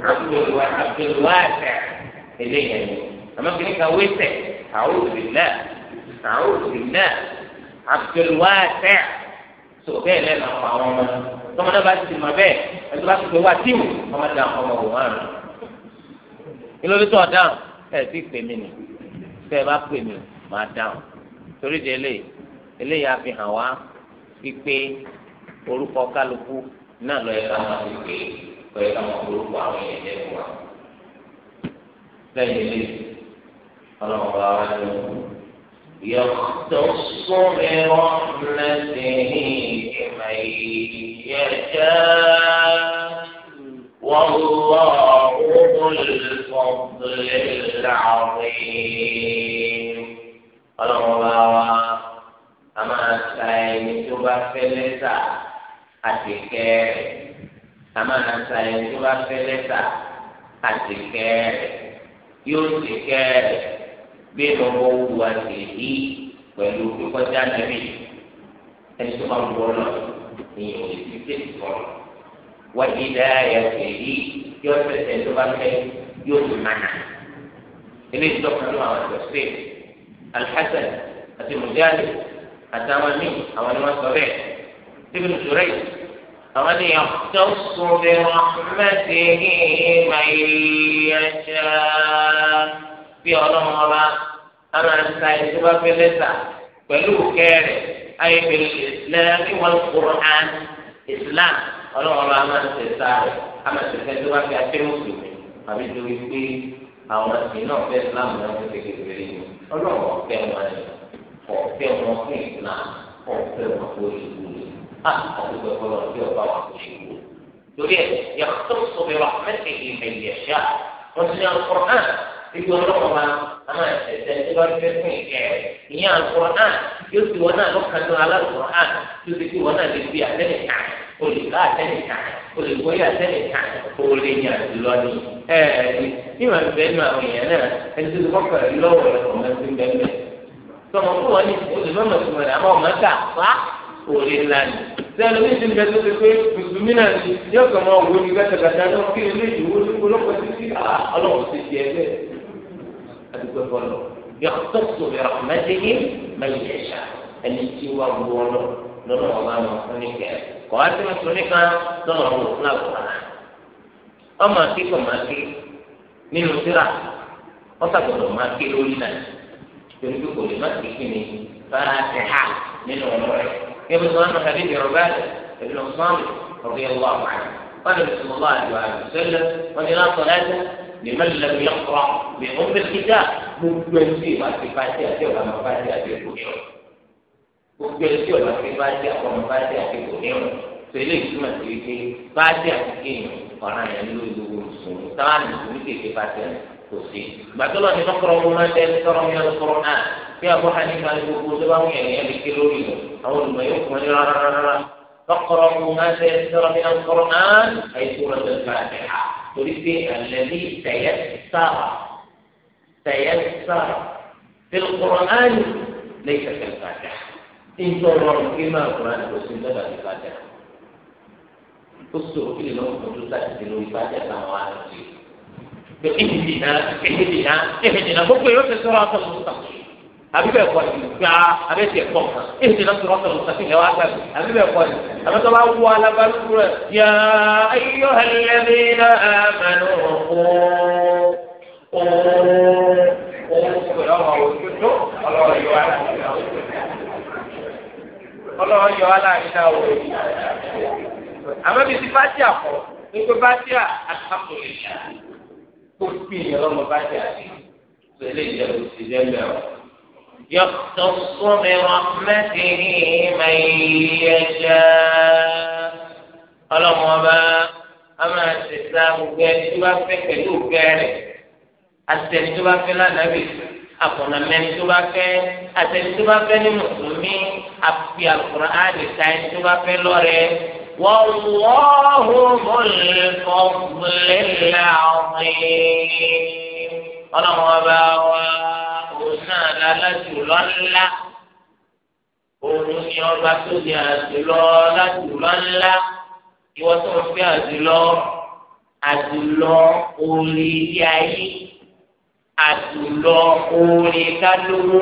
A: عبد عبد الواسع إليه أما كنيك وسع أعوذ بالله أعوذ بالله عبد الواسع سؤال لنا قوامنا ثم أنا بس ما بين أنت بس تواتيم وما دام وما هو أنا إلى بتوع دام ẹ ti pè mí ni tẹ ẹ bá pè mí màá dáhùn torí de eléyìí eléyìí àfihàn wa wípé orúkọ kálukú náà lọ yẹ ká máa fi pè é lọ yẹ ká máa forúkọ àwọn èèyàn jẹ fún wa. lẹ́yìn ilé ọlọ́run bá wá ní يختص برحمته من يشاء والله ذو الفضل العظيم ọlọ́run bá wa a máa ta ẹni tó bá fẹ́ lẹ́tà àtìkẹ́rẹ̀ àmàlànsá ẹni tó bá fẹ́ lẹ́tà àtìkẹ́rẹ̀ yóò ti kẹ́rẹ̀ bí lọ́wọ́ wù àtìkí pẹ̀lú kíkọjá lẹ́mí ẹni tó máa ń bọ̀ lọ ìyẹn ò lè fi tètè sọ̀rọ̀ wọ́n ti dá yóò tẹ̀sẹ̀ tó bá fẹ́ yóò ti mànà ilé ìjọba àwọn àtọ̀sẹ̀ alḥasan àti mujahid àtàwọn míì àwọn ni wọ́n sọ bẹ́ẹ̀ ibn Jurayj àwọn ni yọtọsọ bí rahmẹtì mayẹṣẹ bí Ọlọ́run ọba àwọn àṣà ìjọba fẹlẹsà pẹ̀lú kẹrẹ ayẹyẹ lẹẹrí wọn kúrán Islam Ọlọ́run ọba àwọn àṣà ìṣà àwọn àṣà ìjọba fẹ afẹ mùsùlùmí àbí torí pé àwọn àṣà náà Islam náà fẹ kékeré yìí Ọlọ́run ọfẹ wọn ọfẹ wọn fún Islam ọfẹ wọn fún ìlú àtúntò ìgbẹ́kọ̀ọ́ tí ọba wà kó ṣe wò. torí ẹ yàtọ̀ sọ̀rọ̀ ìrọ̀lẹ́sẹ̀ ìmẹ̀ ìyẹ̀ṣà wọ́n ti ní alukọ̀rán ibi ọlọ́wọ́ ma àmà ẹ̀sẹ̀ tí wọ́n fẹ́ fún ìkẹ́ ìyẹn alukọ̀rán yóò ti wọn náà lọ́kàdún alukọ̀rán yóò ti ti wọn náà lè fi àtẹ́nìkà olùkọ́ àtẹ́nìkà olùkọ́yà àtẹ́nìkà olùyìn àdúlọ́ni ẹ̀ẹ́dì níwọ̀n bẹ́ẹ̀ nù àwọn èèyàn náà ẹni orí ńlá ni sẹ́nu ní ìdílé tó ti pé mùsùlùmí náà ni yóò kàn máa wò ní gbàtàgbàtà náà kí ilé ìdìbò ní olóko títí ọlọ́run ti di ẹgbẹ́ àdúgbò bọ́lọ̀ yàtọ̀ sọ̀rọ̀ àmọ́tẹ́yẹ mẹ́lẹ̀ẹ́sà ẹni tí wà wú ọlọ́ lọ́nà ọba náà oníkẹ́ kọ́ á ti mùsùlùmí nìkan lọ́nà ọ̀hún láwùrán ọmọ akẹ́kọ̀ọ́ máa ké nínú síra ọ̀sàgbọ̀dọ̀ يبقى صنع حديث عبادة بن الصامت رضي الله عنه قال صلى الله عليه وسلم لا صلاة لمن لم يقرأ بأم الكتاب ممكن في ما في فاتحة أو ما فاتحة في كتب ممكن في ما في فاتحة ولا ما فاتحة في كتب سيلي اسمع سيلي فاتحة كتب قرآن يلو يلو مسلم طبعا مسلم في فاتحة kò sí. gbàtọ́ lọ ní kọ́kọ́rọ́ ọmọ máa tẹ́ quran Ya, Abu Hanifa ní gbogbo tó bá ń yẹn yẹn lè ké lórí o àwọn olùmọ̀ yóò fún ẹni rárá rárá kọ́kọ́rọ́ ọmọ máa tẹ́ ẹni tọrọ yẹn lọ́kọ́rọ́ náà àìsí al lọ sí àtẹ ha torí pé àlẹ́lí tẹ̀yẹ sáà tẹ̀yẹ sáà tẹlifọ̀rọ̀ pé ìdìdìnà ìdìdìnà ìdìdìnà gbogbo yóò fi sọ̀rọ̀ ọ̀tọ̀ lọ́sọ̀ àbí bẹ́ẹ̀ kọ́ ni gbà abẹ́ tiẹ̀ kọ́ kan ìdìdìnà sọ̀rọ̀ ọ̀tọ̀ lọ́sọ̀ fi lẹ́wọ́ àgbà àbí bẹ́ẹ̀ kọ́ ni àbí tó bá wú alábàlú rẹ̀ yà ayọ́ ẹlẹ́dínà àmàlù ọ̀hún ọ̀hún ọlọ́run yọ aláìsá wò ó àmọ́ bí ti bá tíà kọ́ nígbà bá tíà alhamdulilayi kó fi èèyàn lọ́mọ bá jà sí pẹ̀lú ìjẹun sí lẹ́lẹ̀ o. يختص برحمته من يشاء ọlọ́mọ ọba a máa ṣẹ̀ṣẹ̀ gbogbo ẹni tó bá fẹ́ pẹ̀lú gẹ́rẹ́ àtẹni tó bá fẹ́ lánàbì àkùnà mẹ́ni tó bá fẹ́ àtẹni tó bá fẹ́ ní mùsùlùmí àfi àkùnà àdìsá ẹni tó bá fẹ́ lọ́rẹ́ والله ذو الفضل العظيم ọlọ́run ọba wa òun náà lálájú lọ́la òun ni ọba tó di àjùlọ lájú lọ́la ìwọ tó ń fi àjùlọ àjùlọ orí ilé ayé àjùlọ orí kálówó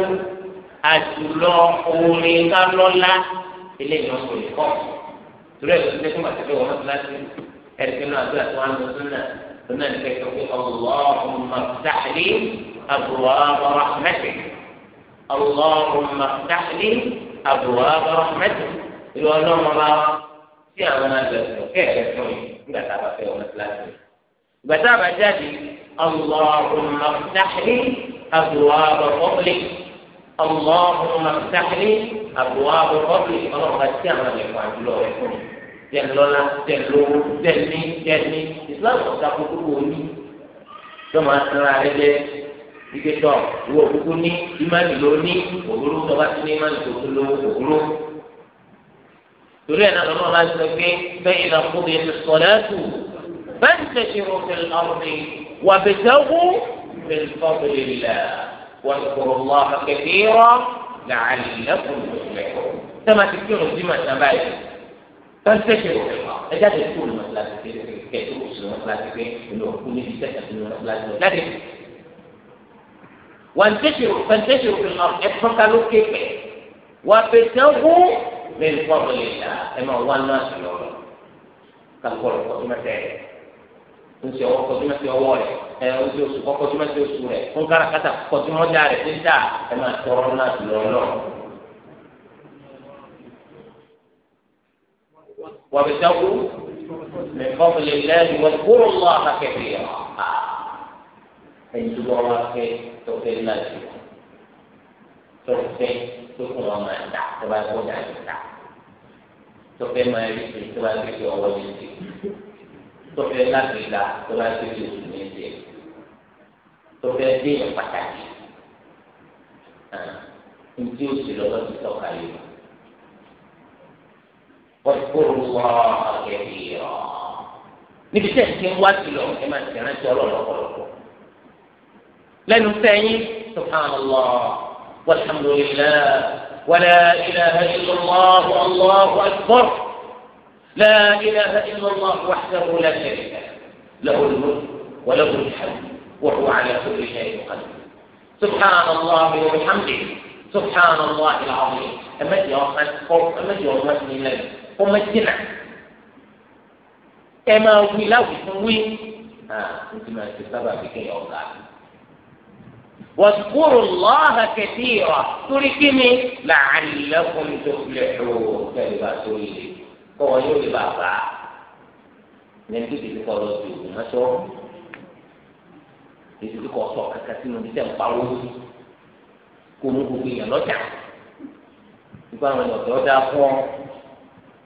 A: àjùlọ orí kálọ́lá eléyìí ọkùnrin kọ́ torí ẹ̀ lọ́sọ̀dẹ́ fún àti fẹ́ wọ́n máa kíláàsì ẹ̀ríkẹ́ náà àti àti wọn lọ sọ́nà sọ́nà ní kẹ́kẹ́ pé ọlọ́ọ̀hùnmá dáhìlì àbùwàbà rahmẹ́tì ọlọ́ọ̀hùnmá dáhìlì àbùwàbà rahmẹ́tì ìlú ọlọ́mọ bá tí àwọn àgbẹ̀sọ̀ kẹ́ẹ̀kẹ́ fún mi nígbà tá a bá fẹ́ wọ́n kíláàsì ìgbà tá a bá jáde ọlọ́ọ̀hùnmá dáhìlì اللهم افتح لي ابواب فضلك اللهم افتح لي ابواب فضلك jẹnlọla jẹnlọwọ jẹni jẹni islam ọ̀sà kúkú wò ní
B: tọ́mọ asọ́ra rẹ jẹ
A: ike tọ ìwọ kúkú ní ìmánì ló ní òwúrò tọ́ba ti ní ìmánì tó tó lówó òwúrò. torí ẹ̀ náà lọ́nà máa sọ pé bẹ́ẹ̀ ìlà kúbi ẹ̀ ti sọ lẹ́tù bẹ́ẹ̀ ń tẹ̀sí òfin ọ̀rùn mi wà bẹ̀tẹ̀ wú bẹ̀rẹ̀ fọ́ bẹ̀rẹ̀ lẹ́yìn. واذكروا الله كثيرا لعلكم تفلحون كما تكونوا في مسابات فانتشروا في الله ẹja lè kú lọ láti pé kẹtù òṣèlú wọn láti pé ìlú òkú níbi tẹsán ìlú وانتشروا فانتشروا في الارض اتفقوا كيف وابتغوا من فضل الله كما هو الناس اليوم كالقرب وما oṣù ọwọ́ kọjúmọ́ sí ọwọ́ rẹ̀ ẹ oṣù oṣù kọ́ kọjúmọ́ sí oṣù rẹ̀ fún kárakáta kọjúmọ́ já rẹ̀ sí dá ẹ máa tọrọ náà sí lọ́lọ́. وابتغوا من فضل الله واذكروا الله كثيرا ان تدعوا الله توفيق الله توفيق توفيق وما يدع تبارك وتعالى توفيق ما يريد تبارك وتعالى tọ́fẹ́ láti ìlà tó bá ti lè sùn ní ìdè tọ́fẹ́ déyàn pàtàkì ah, ntí o sì lọ́wọ́ ti tọ́ka yìí wọ́n kúrò wọ́ọ́ kẹ́kẹ́ yọ. níbi tẹ́ ẹ̀ ti ń wá sí lọ ẹ máa ti rántí ọlọ́lọ́pọ̀lọpọ̀ lẹ́nu sẹ́yìn subhanallah walhamdulillah wala ilaha illallah wallahu akbar. لا إله إلا الله وحده لا شريك له له الملك وله الحمد وهو على كل شيء قدير سبحان الله وبحمده سبحان الله العظيم أما يوم أما يوم من وما جنع أما ولا وي آه أنت ما في بك يا واذكروا الله كثيرا تركني لعلكم تفلحون كلمة تريد kọ́ wọn yóò lè bá bá nẹ́ẹ̀dì tètè kọ́ lọ sí òògùn aṣọ tètè kọ́ sọ kàkà sínú ibi tẹ̀ ń pawó kó mú gbogbo èèyàn lọ́jà nípa àwọn èèyàn tó dá fún ọ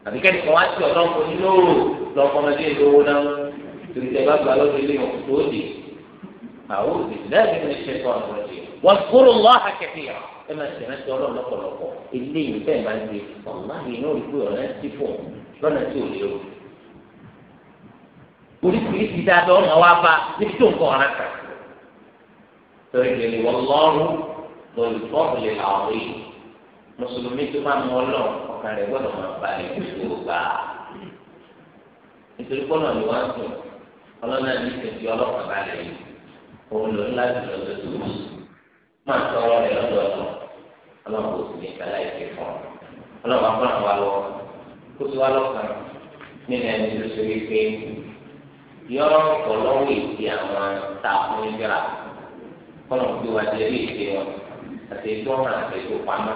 A: àbí kẹ́nìkan wá sí ọ̀dọ́ ọkùnrin lóòrò lọ́kọ́mọdé ìlówó náà torí tẹ bá gbà lọ́dọ̀ ilé ọ̀kùnrin tó dé àwọn òbílẹ̀ ní ṣe kọ́ ọ̀rọ̀ rẹ̀ wọ́n kúrò lọ́ha kẹfìyà ẹ máa ṣẹ̀rántí ọlọ́run lọ́pọ̀lọpọ̀ eléyìí bẹ́ẹ̀ máa ń gbé ọ̀la yìí náà ti fún un lọ́nà tí ò léwu oríṣiríṣi dáadọ́ ọmọ wa bá níbi tó nǹkan ọ̀ràn kan torí lè wọ́n lọ́rùn lórí fọ́ọ̀lì àwọn yìí mùsùlùmí tó máa mú ọlọ́run ọkàn rẹ̀ gbọ́dọ̀ máa bá rẹ̀ gbogbo gbà á nítorí pọ́nà ni wọ́n sùn ọlọ́nà ní ìsèǹtì ọlọ́kàn bá rẹ̀ yìí òun ló ń láti lọ sí ìlú máa tọrọ rẹ̀ lọ́dọọdún ọlọ́run kò sì ní ìkàlà fún ọ ọlọ́run akọ́nà wa lọ́wọ́ kó tó wá lọ́kàn nínú ẹni tó ṣe wípé yọ̀rọ̀ ọ̀pọ̀lọ́wọ́ èdè àwọn tààkùn ìjọra kọ́nà gbé wa jẹ́ bí èdè wọn àti ètò ọ̀ràn àti ètò pamọ́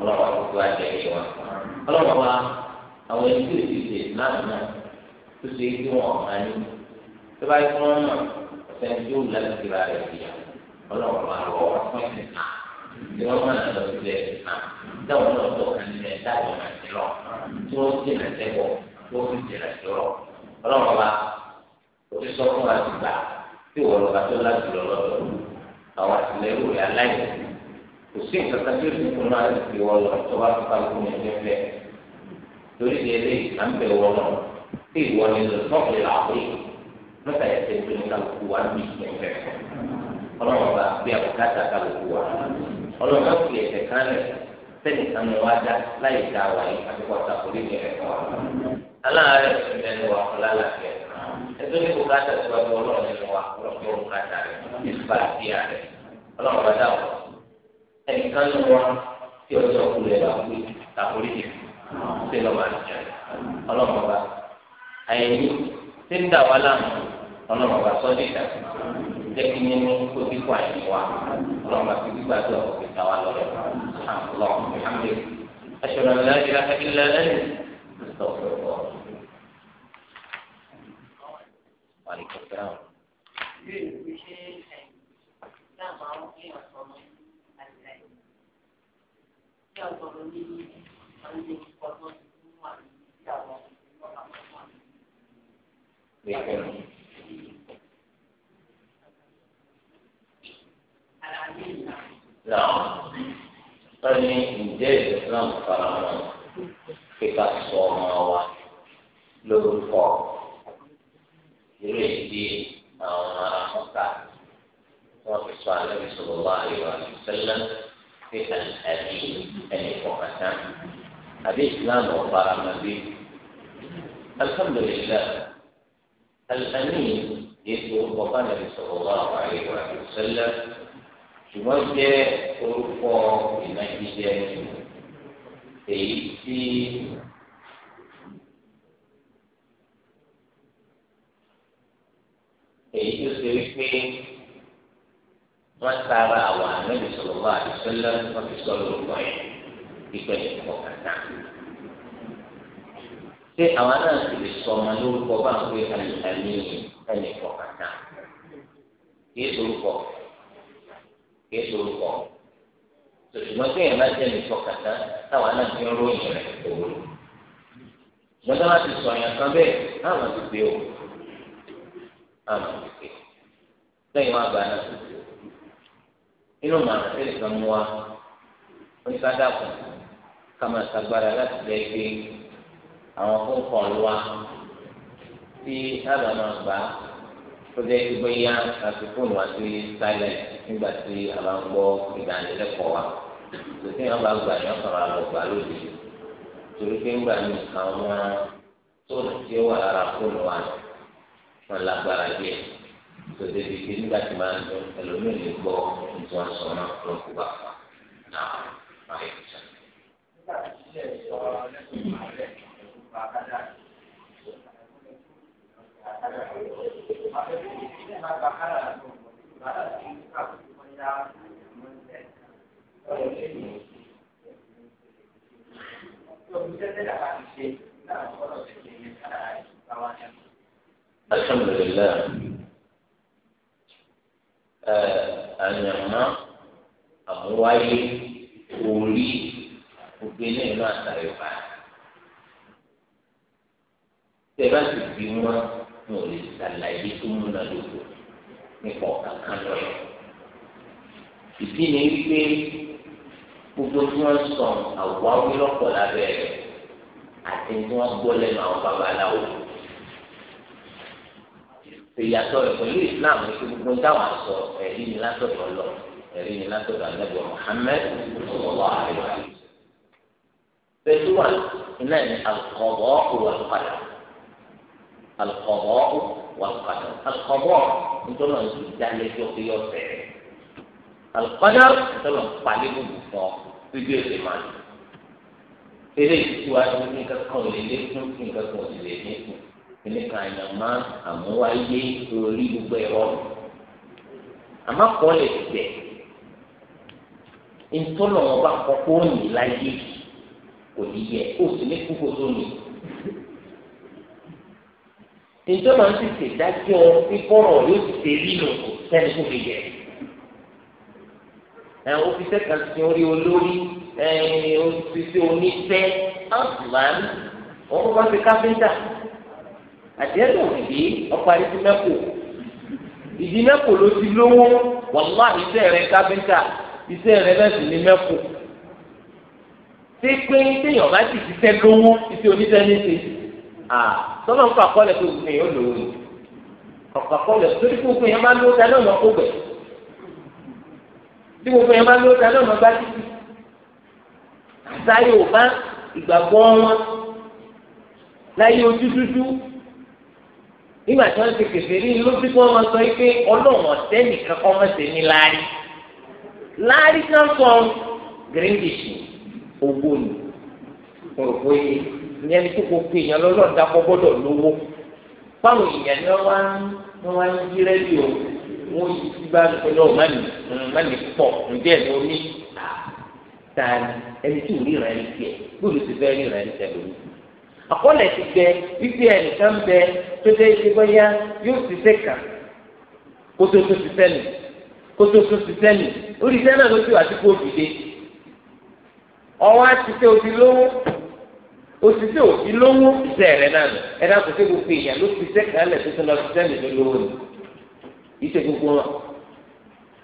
A: ọlọ́wọ́ àwọn gbé wa jẹ́ bí wọn. ọlọ́wọ́ wa àwọn ẹni tó ti ṣe náà náà tó ṣe kí wọn ọ̀hán ní tó bá yẹ kí wọ́n mọ̀ ọ̀sẹ̀ tí ó lẹ́nu kíra rẹ̀ bìyà ọlọ́wọ́ wa lọ́wọ́ fún ẹ̀sìn náà ni wọ́n máa lọ sí ẹ̀ náà dáwọn náà tó kàn ní ẹ̀ dáwọn náà lọ tí wọ́n ti nà sẹ́wọ̀ tí wọ́n ti jìnà sí lọ ọlọ́run ọba kò ti sọ fún wa ti gbà tí ìwọ lọ́ba tó láti lọ lọ́dọ̀ àwọn àtìlẹ́yìn rẹ̀ aláìsí kò sí nǹkan kan tó dùn fún náà ti wọ lọ tó bá fipá lókun ní ẹgbẹ́ fẹ́ lórí ti ẹlẹ́yìn à ń bẹ̀ wọ lọ tí ìwọ ni ọlọ́mọ fi ẹ̀sẹ̀ kan lẹ̀ sẹ́nìkan ni wá dá láì dá wa yìí àbíkọ́ ta kò lè ní ẹ̀rẹ̀ kan wà. aláàárẹ̀ ìrẹ́nu wa kọ́lá làbẹ̀ ẹjọ́ ní kò ká tẹ̀síwájú ọlọ́run nínú wa ọlọ́run yóò ká tà rẹ̀ ìfúbà sí àrẹ̀ ọlọ́run bá dà wọ́n ẹnìkan ní wọn tí ọjọ́ kú rẹ̀ bá wí tàkórí ti ṣe lọ́mọ àjẹ́ ọlọ́run bá àyẹ̀yìn tí ń dà wá láàmú ọlọ́run bá sọ́ọ́ jẹ́ kí nínú kó dínkù àyè wa ọlọ́run àti gbígbà tó ọkọ̀ fi ta wa lọ́rẹ̀ ọlọ́run alhamdu ashhadu an la ilaha illa anta astaghfirullah. Wàlíkọ̀ sẹ́wọ̀n. Thank you. náà wọ́n ní ǹjẹ́ islam faramọ́ kíkà sọ ọmọ wa lórúkọ irú èdè àwọn arákùnká wọ́n fi sọ àlẹ́ sọ̀rọ̀ wá àríwá ìṣẹ̀lẹ̀ pé àlẹ́ ẹni kọ̀ọ̀kan àbí islam ọ̀faramọ́ bí alhamdulilayi alhamdulilayi yìí tó kọ́ bá sọ̀rọ̀ wá àríwá ìṣẹ̀lẹ̀ ṣùgbọ́n jẹ́ orúkọ ìnagijẹ èyí tí èyí tó ṣe wípé wọ́n tara àwọn àmì sọ̀rọ̀ àdìsọ́lá wọ́n fi sọ̀rọ̀ orúkọ yẹn pípẹ́ ìpọ̀ kàtà. ṣé àwọn náà sì lè sọ ọmọ lórúkọ bá ń pè àlùfáà ní ẹnì pọ̀ kàtà kí èso orúkọ. kì í ṣe orúkọ ṣùgbọ́n kí bá jẹ́ ní ìfọkàtà táwọn náà fi ń ròyìn rẹ̀ òwò ṣùgbọ́n táwọn ti sọ èèyàn kan bẹ́ẹ̀ táwọn ti gbé o táwọn ti lẹ́yìn wọn àgbà náà tẹ́lẹ̀ kan mú wa oníkádàkùn ká máa láti àwọn tó jẹ́ kí bóyá àti fóònù àti sáyẹ̀ nígbà tí a bá ń gbọ́ ìdánilẹ́kọ̀ọ́ wa kò sí ìyàwó àgbà yẹn kàn án lọ gbà lóde torí pé ńgbà mí àwọn tí ó wà lára fóònù wa wọn lágbára nígbà tí máa ń dún ẹlòmíràn lè gbọ́ náà ń الحمد لله أنا أموالي orí obìnrin náà àtàyọ̀ bá tẹ bá sì bí wọn wọn ò lè ṣàlàyé tó múnadóko nípa ọ̀kan kan lọ́yọ̀ ìdí ni wípé gbogbo tí wọ́n sọ àwáwí lọ́pọ̀ lábẹ́ rẹ̀ àti tí wọ́n gbọ́ lẹ́nu àwọn babaláwo ìyàtọ̀ rẹ̀ pẹ̀lú islam ní kí gbogbo táwọn sọ ẹ̀rí ni látọ̀dọ̀ lọ ẹ̀rí ni látọ̀dọ̀ ànábì Muhammad sallallahu alaihi wa sallam. pẹ̀lú wa iná ní al-qada'u wal-qadar nítorí wọn ti dá lẹ́jọ́ pé yọ fẹ́rẹ̀ alùpàdé ìtọ́lọ̀ pàlẹ́ gbogbo fún ọ lójú èdè máa lò eré ìtúwájú ní kankan ò lè lékún ní kankan ò sì lè dínkù nínú àyàn máa àmúwáyé lórí gbogbo ẹ̀rọ àmọ́ kọ́ lè tẹ̀ ntọ́nà wọn bá kọ́kọ́ òní láyé kò ní yẹ ó sì ní kúkú tó ní ntọ́nà ń ti ṣèdájọ́ pípọ́rọ̀ yóò ti ṣe rí nù kò kò fi yẹ ẹ òfìsẹ́ kan sí orí olórí ẹ òfìsẹ́ oníṣẹ́ ọ̀sùnmáàmì wọn kọ́ sí káfíńtà àdéhùn òbí ọkọ̀ àdéhùn mẹ́kò ìdí mẹ́kò ló ti lówó wàhálà iṣẹ́ rẹ káfíńtà iṣẹ́ rẹ náà sì ní mẹ́kò pépé téèyàn bá sì ṣiṣẹ́ lówó iṣẹ́ oníṣẹ́ ní ah sọ́nà ń kọ́ àkọọ́lẹ̀ tó gbìn yóò lòó ni ọ̀kọ̀ àkọọ́lẹ̀ tó dé kó gbìn yẹn máa ń lówó dáná ọ̀nà kó gbẹ̀ tí gbogbo yẹn máa ń lóta náà máa bá títí àṣà yorùbá ìgbàgbọ́ wọn láyé ojú dúdú nígbà tí wọ́n ti kẹfẹ́ rí ló bí wọ́n máa sọ pé ọlọ́run ọ̀tẹ́ nìkan kọ́ mọ́sẹ̀ ní láàrí láàrí kan sọ gíríngìṣì owó ni wọn ò pé ìyẹn ní kókó pé èèyàn lọ́lọ́ọ̀dà kọ́ gbọ́dọ̀ lówó fáwọn èèyàn ni wọ́n wá ń jí rẹ́díò wọ́n yí sí bá pẹ̀lú ọ̀ mánì mánì pọ̀ ǹjẹ́ ẹ̀ ló ní tani ẹni tí ò rí ìrìn àyè tiẹ̀ gbọ́dọ̀ ti fẹ́ rí ìrìn àyè tiẹ̀ lónìí. àkọọ́lẹ̀ ti bẹ wípé ẹnìkan bẹ tó jẹ́ ike bóyá yóò ti fẹ́ kà kótó tó ti fẹ́ nì kótó tó ti fẹ́ nì orí iṣẹ́ náà ló ti wà sí kó dìde ọwọ́ àti tẹ òdi lówó òṣìṣẹ́ òdi lówó ìṣẹ́ náà ẹ̀ kò sí gbogbo èèyàn ló ti fẹ́ lẹ̀ tó ti lọ sí sẹ́ni ni ìṣe gbogbo wọn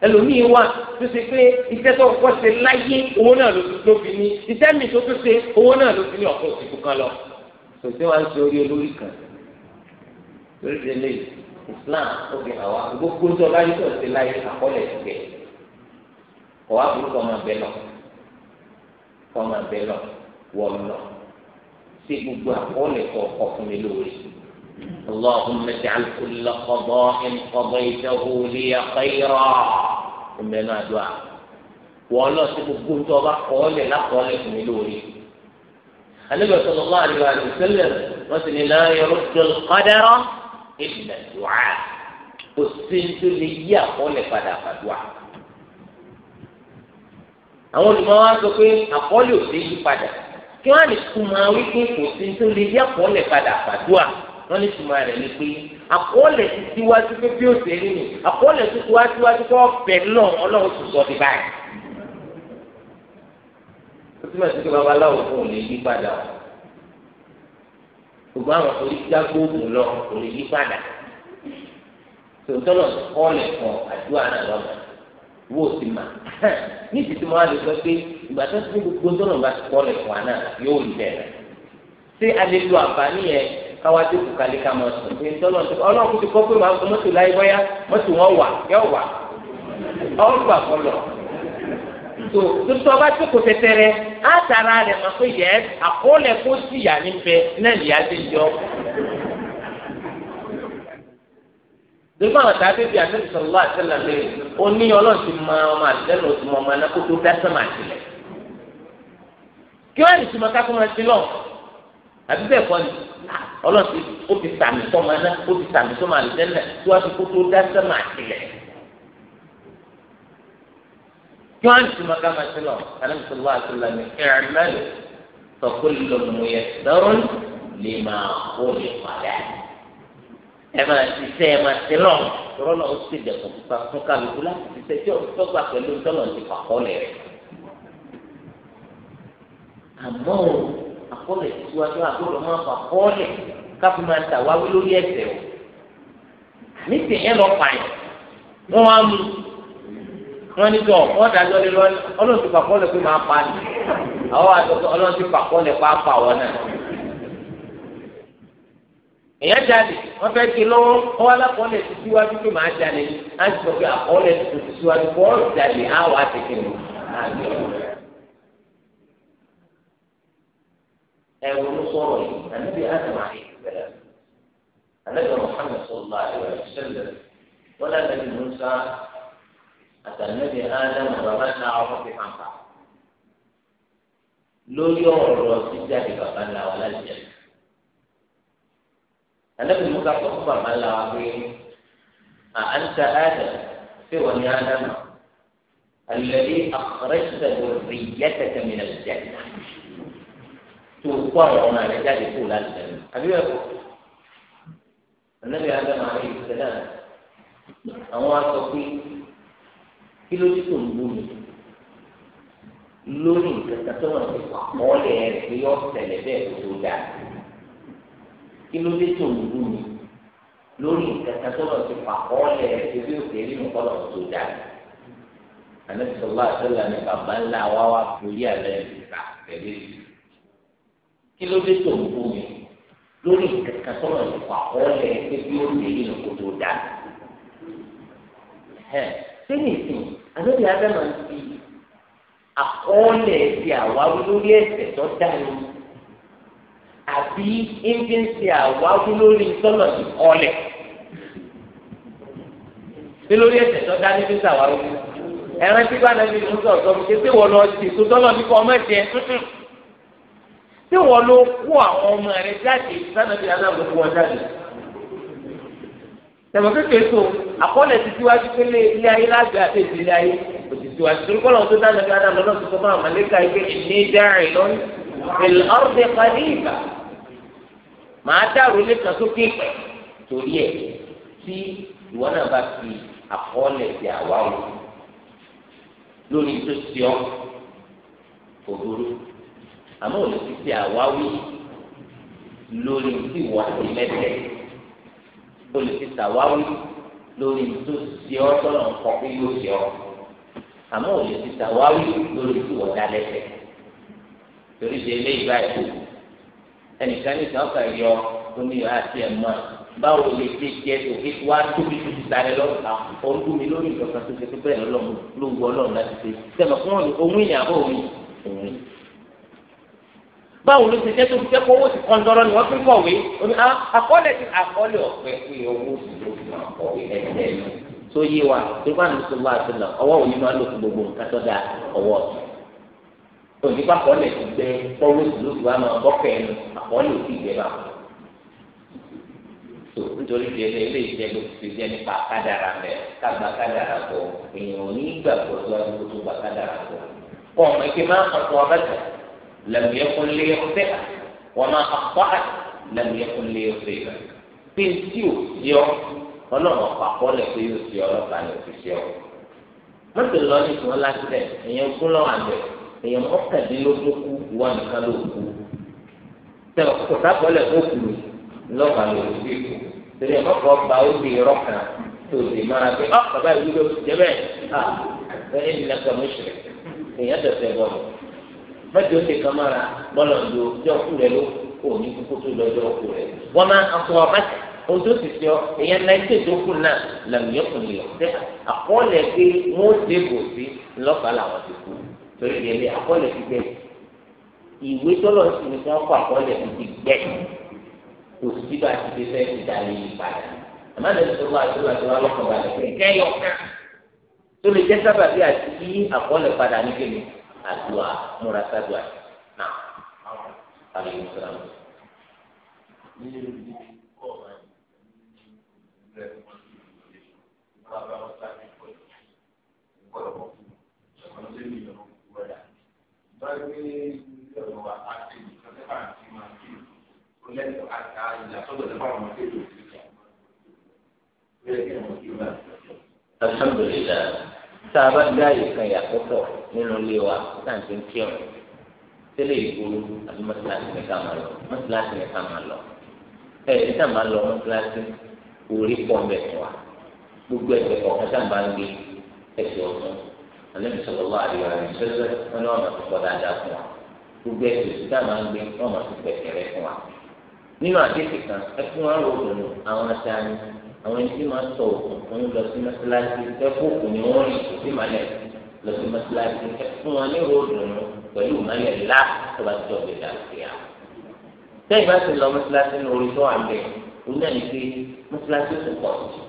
A: ẹlòmíín wà tó ṣe pé iṣẹ́ tó kọ́ ṣe láyé owó náà ló fi ní iṣẹ́ mi tó tó ṣe owó náà ló fi ní ọ̀pọ̀ òṣèlú kan lọ sòtẹ́ wa ń ṣe orí olórí kan lórí ìdílé Islam ó fi hàn wá gbogbo tó láyé tó ṣe láyé àkọọ́lẹ̀ ìgbẹ́ kọ̀ wá burúkọ ọmọ abẹ lọ kọ́ ọmọ abẹ lọ wọ̀ lọ ṣe gbogbo àkọọ́lẹ̀ kọ̀ ọkùnrin lóore. اللهم اجعل كل قضاء قضيته لي خيرا من دعاء والله سبحانه وتعالى قال لا قال ملوري النبي صلى الله عليه وسلم وسن لا يرد القدر إلا الدعاء والسنت لي قال فدا فدعاء àwọn olùmọ̀wá sọ pé àkọọ́lẹ̀ ò sí yí padà kí wọ́n á lè kú máa wí pé kò sí nítorí yẹ́pọ̀ lẹ̀ padà fàdúà wọ́n lè tuma rẹ̀ lé pé àkọọ́lẹ̀ ti tiwájú pé bí ó ṣe rí ni àkọọ́lẹ̀ ti tiwájú wájú pé ọ̀fẹ́ náà ọlọ́run ti sọ ti báyìí. ó túmọ̀ sí pé babaláwo fún òun lè yí padà gbogbo àwọn onígbàgbọ́ọ̀gùn lọ kò lè yí padà tòótọ́lọ̀ kọ́ọ̀lẹ̀ kan àdúrà náà lọ́mọ wo sì mà níbi tí mo wá lè sọ pé ìgbà tó ti ní gbogbo tọ́lọ̀ bá ti kọ́ọ̀lẹ̀ kan náà yóò rí bẹ́ẹ̀ ṣé a lè lo àǹfààní yẹn káwá tó kù kálí ká máa sùn pé tọ́lọ̀ ti kọ́ ọlọ́run ti kọ́ pé màá fọ mọ́tò láyé bọ́yá mọ́tò wọn wà yọ wà ọgbà kọlọ̀ tó tuntun ọba tó kò tẹtẹrẹ á tara rẹ̀ mọ̀ pé yẹ àkọọ́lẹ̀ kó sì yà ní bẹ náà lìyà ti yọ. dèbò àwọn tàbí bíi àti sọlọ àtẹlẹ lè oní ọlọ́run ti mọ ọmọ àtẹlẹ òtún ọmọ ẹ̀ náà kó tó dá sọ́mà sílẹ̀ kí wọ́n lè túmọ̀ ká àbí bẹ́ẹ̀ kọ́ ni ọlọ́run ti ó ti sàmì sọ́mọ aná ó ti sàmì sọ́mọ àlùjẹ́nà tí wọ́n ti kó tó dá sẹ́mà tilẹ̀. kí wọ́n á ti máa ká máa ti lọ anábì sọ̀rọ̀ wá àti lànà ìrìnàlè sọ̀kò lọ́mọ yẹn dọ́rùn lè máa kó lè padà. ẹ máa ti sẹ́ ẹ máa ti lọ tọ́rọ́ náà ó ti dẹ̀kọ̀ pípa fún kálukú láti ti sẹ́ tí ó tọ́gbà pẹ̀lú tọ́lọ̀ ti pàkọ́ lẹ̀ rẹ̀. àmọ́ àkọọ́lẹ̀ síwájú àgbọ̀dọ̀ máa fà kọ́ọ̀lẹ̀ káfí máa tà wá lórí ẹsẹ̀ o níbi yẹn lọ pààyàn wọ́n wá mú wọ́n ní sọ wọ́n dájọ́ lé lọ́ọ́ ọlọ́run ti fà kọ́ọ̀lẹ̀ pé máa pa ni àwọn àtọ́tọ́ ọlọ́run ti fà kọ́ọ̀lẹ̀ pa pa wọn náà èyàn jalè wọn fẹẹ ké lọ́wọ́ wọn wá lákọọlẹ ti síwájú pé màá jalè á ti sọ pé àkọọlẹ ti síwájú pé wọn jalè á wà á ti kiri. ẹ̀rù sọ̀rọ̀ yìí ànábì adam àyè bẹ̀rẹ̀ ànábì muhammed sọ̀rọ̀ àyè sẹ́lẹ̀ wọ́n ànábì musa àtànábì adam bàbá ńlá ọkọ̀ fi hàn pa lórí ọ̀rọ̀ jíjáde bàbá ńlá wa lájẹ̀ ànábì musa kọ́ fún bàbá ńlá wa pé àǹtà adam fi wọ́n ní adam الذي أخرجت ذريتك من الجنة tó o kó àwọn ọmọ rẹ jáde kó o láti dẹnu àbí bẹ́ẹ̀ kọ́ ànábì ádámù àrẹ ìṣẹ̀lẹ̀ àwọn wa sọ pé kí ló dé tó ń bú mi lórí nǹkan kan tó wọn ti pa ọlẹ rẹ pé yọ tẹ́lẹ̀ bẹ́ẹ̀ kó tó dáa kí ló dé tó ń bú mi lórí nǹkan tó wọn ti pa ọlẹ rẹ pé bí òkè rí nǹkan lọ tó dáa ànábì sọlá àtẹlẹ ní bàbá ńlá wa wá forí àlẹ ìgbà pẹ̀lú ìgbà kí ló dé tó ń fún mi lórí kankan tó lọ nípa ọ̀lẹ̀ pé bí ó lè yín kó tó dà sẹ́yìn ìsìn àdóbi abẹ́mọ̀ ti àkọọ́lẹ̀ ti àwáwí lórí ẹ̀sẹ̀ tó dá ní àbí ẹ̀ńdí ń ṣe àwáwí lórí tọ́lọ̀ ní ọ̀lẹ̀ bí lórí ẹ̀sẹ̀ tó dá ní bí sàwáwí ẹ̀rẹ́ tí bá nàbí ìlú sọ̀tọ̀ mi kété wọ̀ lọ sí ìtútọ́lọ̀ ní kọ́ ọmọ ẹ̀sẹ̀ tuntun tí wọ́n ló kó àwọn ọmọ rẹ jáde sanabi adáwọ̀ kó wọn jáde tẹ̀wọ̀n kékeré tó àkọọ́lẹ̀ ti tiwájú pé ilé ayé lágbè àti ìdílé ayé òtítù àti torí kọ́lọ̀ tó dáná bí adáwọ̀ lọ́dọ̀ tó sọ fún àmàlẹ́kà yìí pé ìní dáhìn lọ́nù ìlọ́ọ̀dẹ kàdíìbà màá dàrú lẹ́kàn sókè pẹ̀ torí ẹ̀ tí ìwọ náà bá fi àkọọ́lẹ̀ ti àwa wò lórí tó ti ọ́ òbúrú àmọ́ ò lè fi ṣe àwáwí lórí tí wọ́n ti lẹ́tẹ̀ ó lè fi ṣàwáwí lórí tó ṣe ọ́ tọ́nà ń kọ́ pé yóò ṣe ọ́ àmọ́ ò lè fi ṣàwáwí lórí tí wọ́n dá lẹ́tẹ̀ torí ṣe eléyìí báyìí ẹnìkan ní ìtàn kan yọ tó ní ìyá àti ẹ̀ mọ́ báwo lè ṣe jẹ òkè wá tóbi tó ti sáré lọ ọdún mi lórí ìjọba tó ṣe pé bẹ́ẹ̀ lọ́lọ́run ló wọ ọlọ́run láti ṣe sẹ́mi fún òun ìyàbọ̀ òun òun báwo ló ṣe jẹ́ tó fi jẹ́ kó owó ti kàn dọ́rọ́ ni wọ́n fi kọ̀wé omi ah, àkọọ́lẹ̀ ti àkọọ́lẹ̀ ọ̀pẹ pé owó ti ló fi máa kọ̀wé ẹ̀ẹ́dẹ́ tó yé wa tó bá nìṣó wá sí lọ ọwọ́ òní máa lò fún gbogbo nǹkan tó da ọwọ́ òní bá kọ́lẹ̀ ti gbẹ pọ́wọ́ ti ló fi wá máa bọ́kẹ́ ẹnu àkọọ́lẹ̀ òfin ìgbẹ́ bá tó nítorí ti ẹni ilé ìjẹ ló ti jẹ nípa kádàrà mẹ kágbà kádàrà bọ èèyàn ò ní gbàgbọ́ tó kó tó gbà kádàrà bọ kọ́ ọ̀mọ́ ike máa ń kọ́ لم يكن ليخطئك وما أخطأك لم يكن ليصيبك بنتي يوم ọlọ́run ọ̀pá kọ́lẹ̀ pé yóò ṣe ọlọ́pàá ní òṣìṣẹ́ ọ. mọ́tò lọ ní ìtumọ̀ láti rẹ̀ èèyàn gún lọ́wọ́ àbẹ̀ èèyàn mọ́kàndínlógún kú ìwà nìkan ló kú. tẹ kò sábọ́lẹ̀ kó kù lọ́pàá ní òṣìṣẹ́ kù. tẹ̀lé mọ́kọ̀ ọba ó di irọ́ kan tó di mára pé ọ́ bàbá ìlú ló ti jẹ́ bẹ́ẹ̀ ah ẹ̀ ẹ́ nìkan mọ́ṣẹ̀rẹ̀ èèyàn tẹ̀sẹ̀ bọ́ọ̀lù mẹ́tò ṣe kan mọ́ra bọ́lọ̀ ń do jọ kú rẹ ló kò ní kúkú tó lọ jọ kú rẹ wọ́n máa akọ ọ̀bàtà ohun tó sì sọ èèyàn náírà tó kù náà làmìyọkùnrin ọ̀tẹ́ àkọọ́lẹ̀ pé wọ́n ṣe bò sí lọ́kàá làwọn ti kú torí ìdílé àkọọ́lẹ̀ ti gbẹ ìwé tọ́lọ̀ sí ni wọ́n kọ àkọọ́lẹ̀ ti gbẹ kò sí bá ti fi fẹ́ ìdarí ìpadà àmọ́ àdéhùn tó wà tó wà tó wà lọ́kọ̀ọ́ àdúrà múra sádùá náà àlè ìsìlámù. الحمد لله tá a bá dá ìkan yàtọ̀tọ̀ nínú ilé wa tá à ń ti ń kírun tẹ́lẹ̀ ìgboro àbí mọ́tíláṣí ni ká máa lọ mọ́tíláṣí ni ká máa lọ ẹ̀ ẹ̀ tá a máa lọ mọ́tíláṣí orí pọ̀ ń bẹ̀ wa gbogbo ẹsẹ̀ kọ̀ọ̀kan tá ń gbé ẹsẹ̀ ọ̀tún alẹ́ sọ̀rọ̀ wá àríwá rẹ̀ sẹ́sẹ́ wọn ni wọ́n máa ti pọ̀ dáadáa fún wa gbogbo ẹsẹ̀ òsì ń gbé wọ́n máa ti pẹ̀kẹ̀rẹ̀ fún wa nínú àdéhùn kan ẹ fún wa rògbòdò àwọn ẹni tí máa sọ òkùnkùn lọ sí mọ́sálásí tẹ́kùnkùn ni wọ́n rìn kò sí màlẹ̀ lọ sí mọ́sálásí fún wọn ní ròdùnú pẹ̀lú màlẹ̀ lá tó bá tọ̀ gbẹ̀dà sí à. sẹ́yìn bá ti lọ mọ́sálásí ní orí tó wà ń bẹ̀ òun náà ní pé mọ́sálásí tó pọ̀ sí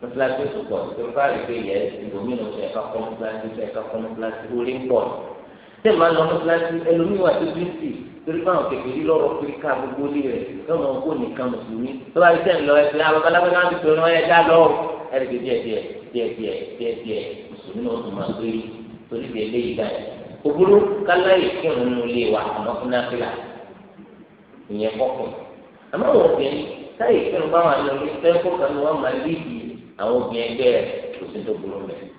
A: mọ́sálásí tó pọ̀ sí tó fáà rí pé yẹ ìbòmínú ẹ̀ka kọ́ mọ́sálásí tẹ́ máa ń lọ mọ́sálásí ẹlòmíì wà tó bí sí torí pé àwọn kẹ̀kẹ́ yìí lọ́rọ̀ pé ká gbogbo lé rẹ̀ lọ́mọ kó nìkan mùsùlùmí tó bá tẹ̀ ń lọ ẹ̀sìn àwọn babaláwo náà ti tòun ẹ̀ dá lọ ẹ̀rì kì díẹ̀ díẹ̀ díẹ̀ díẹ̀ díẹ̀ díẹ̀ mùsùlùmí náà tún máa gbé torí bí eléyìí dá yẹn òbúrú káláyè kírun nínú ilé wa àmọ́ fún náfìlà ìyẹn kọ́kùn àmọ́ àwọn obìnrin káyè kírun báwọn àlọ́ ilé fẹ́ kó kanú wọn máa lé ìdí àwọn obìnrin ẹgbẹ́ rẹ̀ kò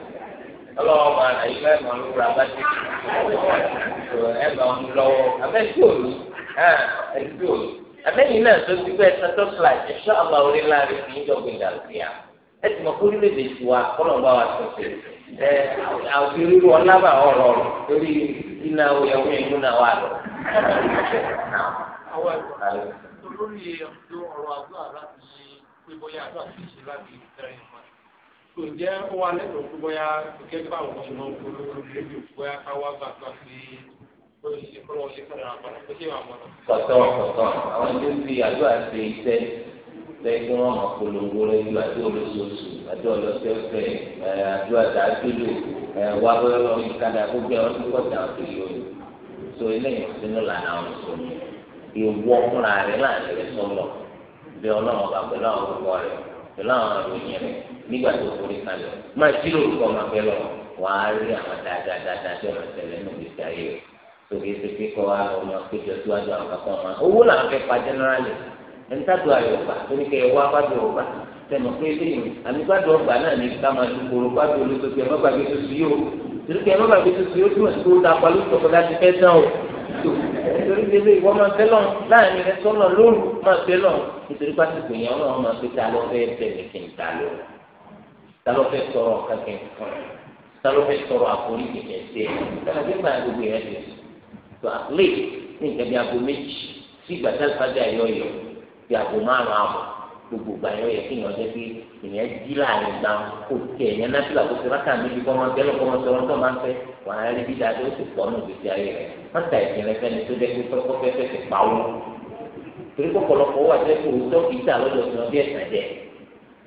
A: ọlọ́wọ́ máa nà yín bẹ́ẹ̀ máa ń wúra bá ti tó ẹ máa ń lọ́wọ́ abẹ́tí òní ẹ̀dí òní abẹ́yìn náà tó ti bẹ́ẹ̀ tọ́tọ́ fúláì ẹ̀ṣọ́ àbá orí láàrin kì í jọ̀gbìn dàrúkì à ẹ ti mọ̀ kórìí lédè tí wa kọ́nà bá wa tó ṣe ẹ àwọn irú ọlábà ọ̀rọ̀ ọ̀rọ̀ torí iná oyàwó ẹ̀yìn náà wà lọ. olórí ọ̀rọ̀ àdúrà tó jẹ́ ó wà lẹ́tọ̀ọ́ fún bóyá gẹ́gẹ́ bá àwọn ọmọ ọmọ olóró lójú bóyá ká wá gbà gbà sí Tọ̀tọ̀ tọ̀tọ̀ àwọn tó fi àdó àti iṣẹ́ lẹ́gbẹ́ wọn mọ̀ polongo lójú àdó olóṣooṣù àdó ọlọ́sẹ̀ọ̀sẹ̀ àdó àdájúlò wà bọ́lá lọ́wọ́ ìkadà gbogbo ẹ̀rọ tó kọjá òkè yòóyò. So eléyìí sínú lànà àwọn mùsùlùmí ìwọ fúnra rẹ̀ láàrin rẹ̀ sọ́lọ̀ bí ọlọ́run bàbá láwọn orúkọ rẹ̀ pẹ̀lú àwọn àròyìn rẹ̀ nígbà tó forí kalẹ̀ máa jí lóru kọ́ máa fẹ́ lọ wàá rí àwọn dáadáa tó máa tẹ̀lé nù bí sàyè tòkè ṣe pé kọ́ wa lọ máa péjọ síwájú àwọn kankan máa owó làwọn fẹ́ pa jẹ́nẹ́rálì ẹni tá a dùn ayọ̀ gbà tó ní kẹ́ ẹ wá bá dùn ọgbà tẹnu pé lẹ́yìn àmì bá dùn ọgbà náà ní ká máa dùn kóró bá dùn olóṣooṣù ẹ má gbàgbé tuntun yìí o torí kẹ́ ẹ má gbàgbé tuntun yìí ó túmọ̀ sí kó ta pa lóṣù ọ̀kọ̀dá délé ìwọ máa fẹ́ lọ́n láàrin ẹ sọ́nà lóru máa fẹ́ lọ́n nítorí pásítọ̀ yẹn ọlọ́run máa fi ta lọ fẹ́ bẹ̀rẹ̀ kí n ta lọ talo fẹ́ tọrọ kankan fún talo fẹ́ tọrọ àforí kẹkẹ sí ẹ talo fẹ́ gbà gbogbo yẹn ti tó àlè ní nǹkan bí aago méjì sí ìgbà tá alifájà yọ yọ bí aago márùn àbọ̀ gbogbo gbà yọ yẹ kí yàn jẹ pé èèyàn jí láàrin gbà kó tẹ ẹ̀yàn náà fìlà kó tẹ rákà méjì kọ́ máa bẹ́ẹ̀ lọ́kọ́ máa sọ wọn tó máa ń fẹ́ wà á rí dídá tó ti pọ̀ nù gbèsè ayé rẹ̀ wọ́n ta ìsìn rẹ fẹ́ni tó jẹ́ pé kọ́kọ́ fẹ́ fẹ́ fi pa ó torí kọ́kọ́lọ́kọ́ wà jẹ́ kó o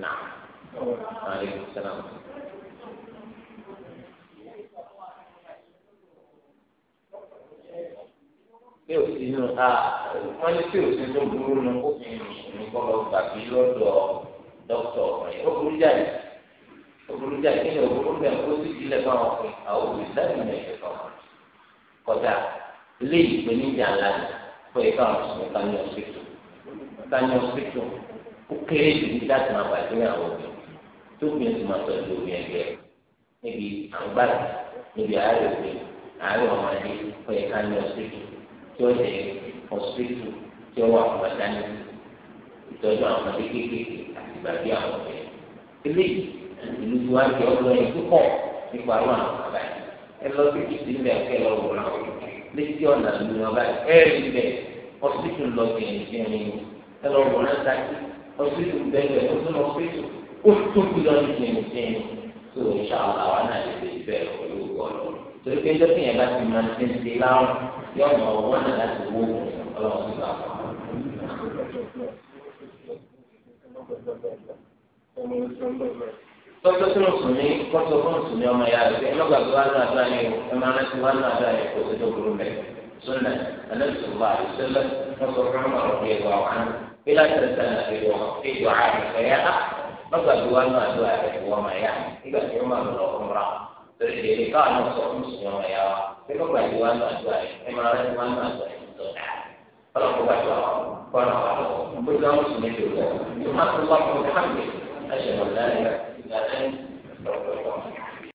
A: tọ́ aleykum salaam. bí o sì nù a wọn ní tí o sì tó burú nu kó fi lọ gbàgbé dókítà ọkùnrin ó burú jáde ó burú jáde kí ni o burú bẹ́ẹ̀ kó sì ọkùnrin àwọn òbí kọjá ìpèníjà ńlá ni fún ẹ̀ka ọ̀sìtò ọ̀sìtò ó kéré jù ní máa bàjẹ́ àwọn òbí. tó fi ẹsùn máa tọ́jú omi ẹgbẹ́ níbi àgbàlá níbi àárẹ̀ òbí àárẹ̀ ọmọdé ọ̀yẹ̀ ká ní ọ̀sìtù tí ó jẹ ọ̀sìtù tí ó wà fún àdáni ìtọ́jú àwọn ọmọdé kéékèèké àti bàbí àwọn ọ̀bẹ. eléyìí ìlú tí wàá jẹ ọdún ẹni púpọ̀ nípa àwọn àwọn àbá yìí ẹ lọ sí kìsì ń bẹ ọkẹ lọ wò náà létí ọ̀nà ìlú ọba ẹ rí bẹ ọ̀sìtù lọ sí ẹni tí ó ní ẹ lọ wò náà sáà ọ̀sìtù bẹ́ẹ̀ bẹ́ẹ̀ ó tún lọ sí ọ̀sìtù ó tó kú lọ ní tìǹtìǹ tó ń ṣá àwa náà lè fi bẹ́ẹ̀ pẹ̀lú ọ̀rọ̀ torí pé ẹjọ́ tìǹyẹn bá ti máa ti ń ṣe láwọn yóò mọ ọwọ́ náà láti wó ọlọ́run sí bá wọn. tọ́jọ́ tí mùsùlùmí kọ́tọ̀ fún mùsùlùmí ọmọ ya rẹ̀ ẹ lọ́gbà tó wá náà dá yẹn o ẹ máa rántí wá náà dá yẹn kó o ti tó burú mẹ́ sunna anabisọ̀lá àdìsẹ́lẹ̀ wọ́n sọ fún ọmọ ọ̀rọ̀ yẹn wà wọn. bí láti ṣe sẹ́nà ìwọ̀n ìdùn àmì ẹ̀yà mọ́gbàgbé wa náà lọ àrẹ ìwọ ọmọ ẹ̀yà nígbà tí wọ́n máa lọ ọmọra lórí ìdílé káwọn náà sọ fún ìsìn ọmọ ẹ̀yà wa pé mọ́gbàgbé wa náà lọ àrẹ ẹ̀ máa rẹ́ wa náà lọ ẹ̀yìn tó dáa ọlọ́kọ̀ bá tó kọ́nà wà lọ bó tó àwọn sùn méjì lọ ìmọ̀ àti wà fún mi hàn mí àṣẹ mọ̀ láyé ìgbà